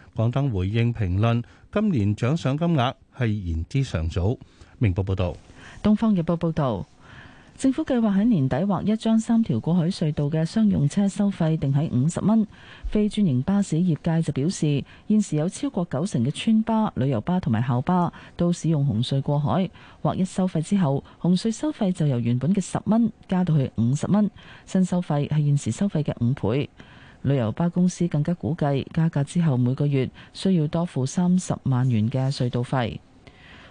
Speaker 4: 港燈回應評論，今年獎賞金額係言之尚早。明報報道：
Speaker 3: 東方日報報道，政府計劃喺年底劃一張三條過海隧道嘅商用車收費定喺五十蚊，非專營巴士業界就表示，現時有超過九成嘅村巴、旅遊巴同埋校巴都使用紅隧過海，劃一收費之後，紅隧收費就由原本嘅十蚊加到去五十蚊，新收費係現時收費嘅五倍。旅遊巴公司更加估計加價之後每個月需要多付三十萬元嘅隧道費。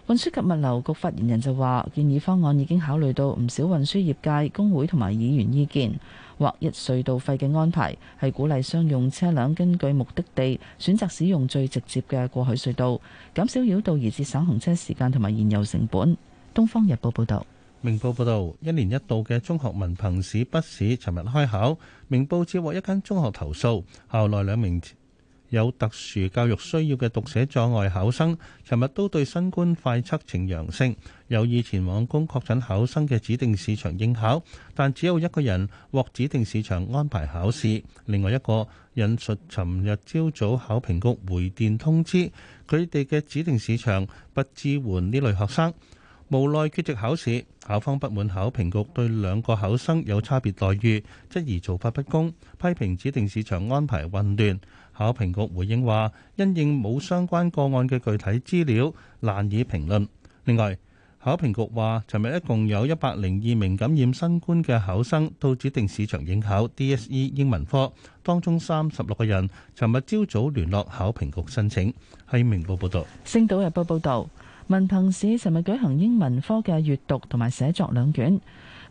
Speaker 3: 運輸及物流局發言人就話：建議方案已經考慮到唔少運輸業界工會同埋議員意見，劃一隧道費嘅安排係鼓勵商用車輛根據目的地選擇使用最直接嘅過海隧道，減少繞道而至省行車時間同埋燃油成本。《東方日報》報導。
Speaker 4: 明報報道：一年一度嘅中學文憑試筆試，尋日開考。明報接獲一間中學投訴，校內兩名有特殊教育需要嘅讀寫障礙考生，尋日都對新冠快測呈陽性，有意前往供確診考生嘅指定試場應考，但只有一個人獲指定試場安排考試，另外一個引述尋日朝早考評局回電通知，佢哋嘅指定試場不支援呢類學生。無奈缺席考試，考方不滿考評局對兩個考生有差別待遇，質疑做法不公，批評指定市場安排混亂。考評局回應話：因應冇相關個案嘅具體資料，難以評論。另外，考評局話：尋日一共有一百零二名感染新冠嘅考生到指定市場應考，DSE 英文科當中三十六個人尋日朝早聯絡考評局申請。係明報報導，
Speaker 3: 《星島日報》報導。文憑試尋日舉行英文科嘅閱讀同埋寫作兩卷，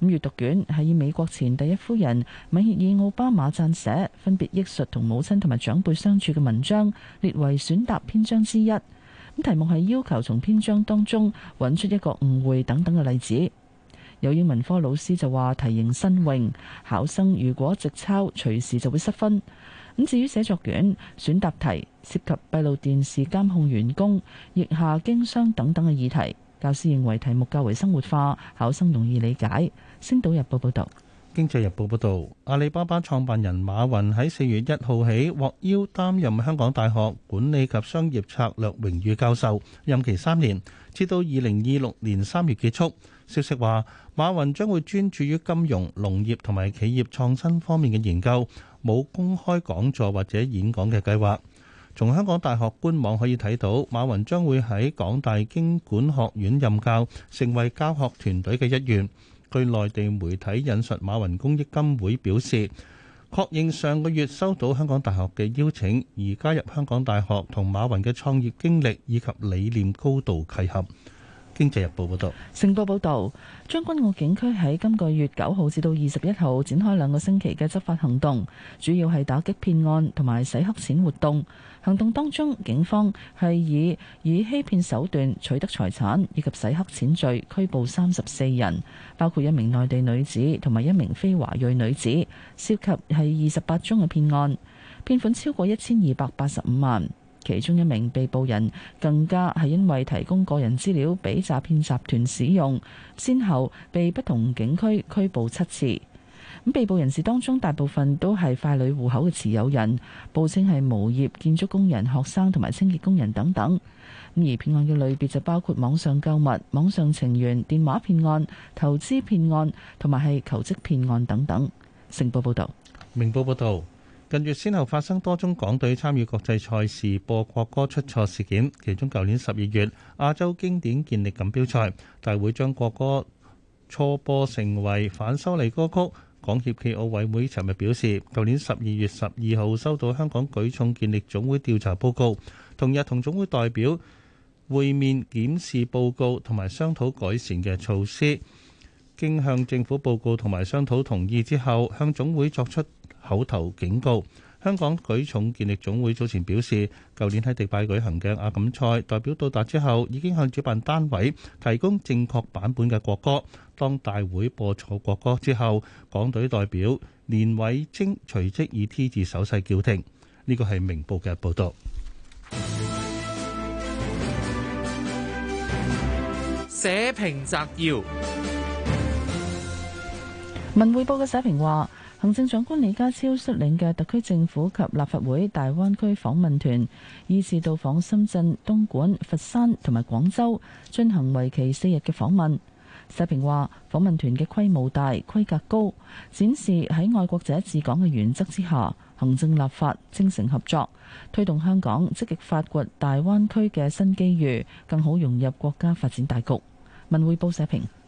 Speaker 3: 咁閱讀卷係以美國前第一夫人米歇爾奧巴馬撰寫分別藝術同母親同埋長輩相處嘅文章列為選答篇章之一，咁題目係要求從篇章當中揾出一個誤會等等嘅例子。有英文科老師就話題型新穎，考生如果直抄隨時就會失分。至於寫作卷選答題，涉及閉路電視監控員工腋下經商等等嘅議題，教師認為題目較為生活化，考生容易理解。星島日報報導，
Speaker 4: 經濟日報報導，阿里巴巴創辦人馬雲喺四月一號起獲邀擔任香港大學管理及商業策略榮譽教授，任期三年，至到二零二六年三月結束。消息話，馬雲將會專注於金融、農業同埋企業創新方面嘅研究，冇公開講座或者演講嘅計劃。從香港大學官網可以睇到，馬雲將會喺港大經管學院任教，成為教學團隊嘅一員。據內地媒體引述馬雲公益金會表示，確認上個月收到香港大學嘅邀請，而加入香港大學同馬雲嘅創業經歷以及理念高度契合。《經濟日報》報道，成報報導，
Speaker 3: 將軍澳警區喺今個月九號至到二十一號展開兩個星期嘅執法行動，主要係打擊騙案同埋洗黑錢活動。行動當中，警方係以以欺騙手段取得財產以及洗黑錢罪拘捕三十四人，包括一名內地女子同埋一名非華裔女子，涉及係二十八宗嘅騙案，騙款超過一千二百八十五萬。其中一名被捕人更加係因為提供個人資料俾詐騙集團使用，先後被不同警區拘捕七次。咁被捕人士當中大部分都係傀儡戶口嘅持有人，報稱係無業建築工人、學生同埋清潔工人等等。咁而騙案嘅類別就包括網上購物、網上情緣、電話騙案、投資騙案同埋係求職騙案等等。成報報道，
Speaker 4: 明報報道。近月先後發生多宗港隊參與國際賽事播國歌出錯事件，其中舊年十二月亞洲經典健力錦標賽大會將國歌錯播成為反修例歌曲。港協暨奧委會尋日表示，舊年十二月十二號收到香港舉重健力總會調查報告，同日同總會代表會面檢視報告同埋商討改善嘅措施。經向政府報告同埋商討同意之後，向總會作出口頭警告。香港舉重健力總會早前表示，舊年喺迪拜舉行嘅亞錦賽代表到達之後，已經向主辦單位提供正確版本嘅國歌。當大會播錯國歌之後，港隊代表連偉晶隨即以 T 字手勢叫停。呢個係明報嘅報道。
Speaker 11: 社評摘要。
Speaker 3: 文匯報嘅社評話，行政長官李家超率領嘅特區政府及立法會大灣區訪問團，依次到訪深圳、東莞、佛山同埋廣州，進行為期四日嘅訪問。社評話，訪問團嘅規模大、規格高，展示喺愛國者治港嘅原則之下，行政立法精誠合作，推動香港積極發掘大灣區嘅新機遇，更好融入國家發展大局。文匯報社評。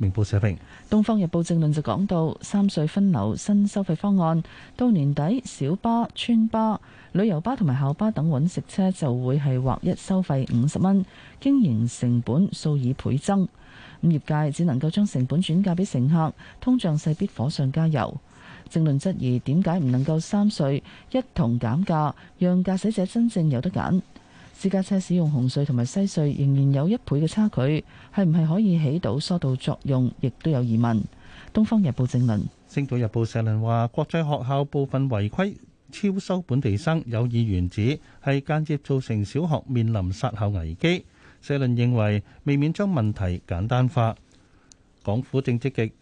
Speaker 4: 明報社評，
Speaker 3: 《東方日報》正論就講到三隧分流新收費方案，到年底小巴、村巴、旅遊巴同埋校巴等揾食車就會係劃一收費五十蚊，經營成本數以倍增。咁業界只能夠將成本轉嫁俾乘客，通脹勢必火上加油。正論質疑點解唔能夠三隧一同減價，讓駕駛者真正有得揀？私家車使用紅隧同埋西隧仍然有一倍嘅差距，係唔係可以起到疏導作用，亦都有疑問。《東方日報》正論，《
Speaker 4: 星島日報》社論話，國際學校部分違規超收本地生，有議員指係間接造成小學面臨殺校危機。社論認為未免將問題簡單化。港府正積極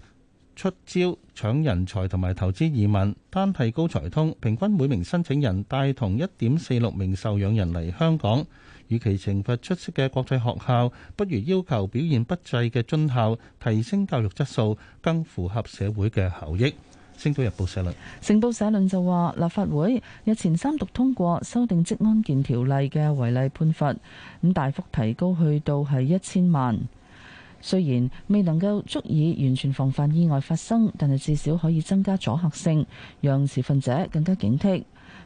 Speaker 4: 出招搶人才同埋投資移民，單提高財通，平均每名申請人帶同一點四六名受養人嚟香港。與其懲罰出色嘅國際學校，不如要求表現不濟嘅津校提升教育質素，更符合社會嘅效益。星島日報社論。
Speaker 3: 成報社論就話，立法會日前三讀通過修訂職安健條例嘅違例判罰，咁大幅提高去到係一千萬。雖然未能夠足以完全防範意外發生，但係至少可以增加阻吓性，讓持份者更加警惕。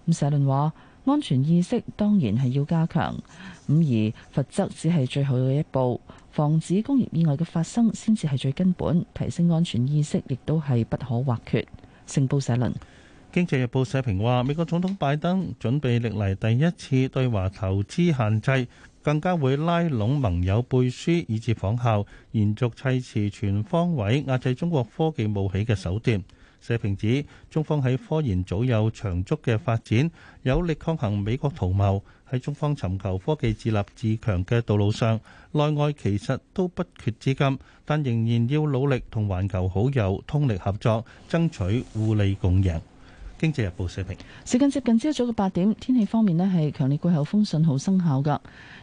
Speaker 3: 咁社論話：安全意識當然係要加強，咁而罰則只係最後嘅一步，防止工業意外嘅發生先至係最根本，提升安全意識亦都係不可或缺。成報社論，
Speaker 4: 經濟日報社評話：美國總統拜登準備歷來第一次對華投資限制。更加會拉攏盟友背書，以至仿效，延續砌詞全方位壓制中國科技冒起嘅手段。社評指中方喺科研早有長足嘅發展，有力抗衡美國圖謀。喺中方尋求科技自立自強嘅道路上，內外其實都不缺資金，但仍然要努力同環球好友通力合作，爭取互利共贏。經濟日報社評。
Speaker 3: 時間接近朝早嘅八點，天氣方面呢，係強烈季候風信號生效㗎。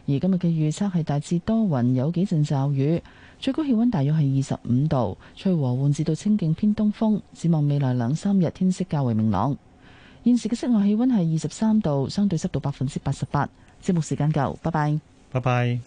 Speaker 3: 而今日嘅預測係大致多雲，有幾陣驟雨，最高氣温大約係二十五度，吹和緩至到清勁偏東風。展望未來兩三日天色較為明朗。現時嘅室外氣温係二十三度，相對濕度百分之八十八。節目時間夠，拜拜，
Speaker 4: 拜拜。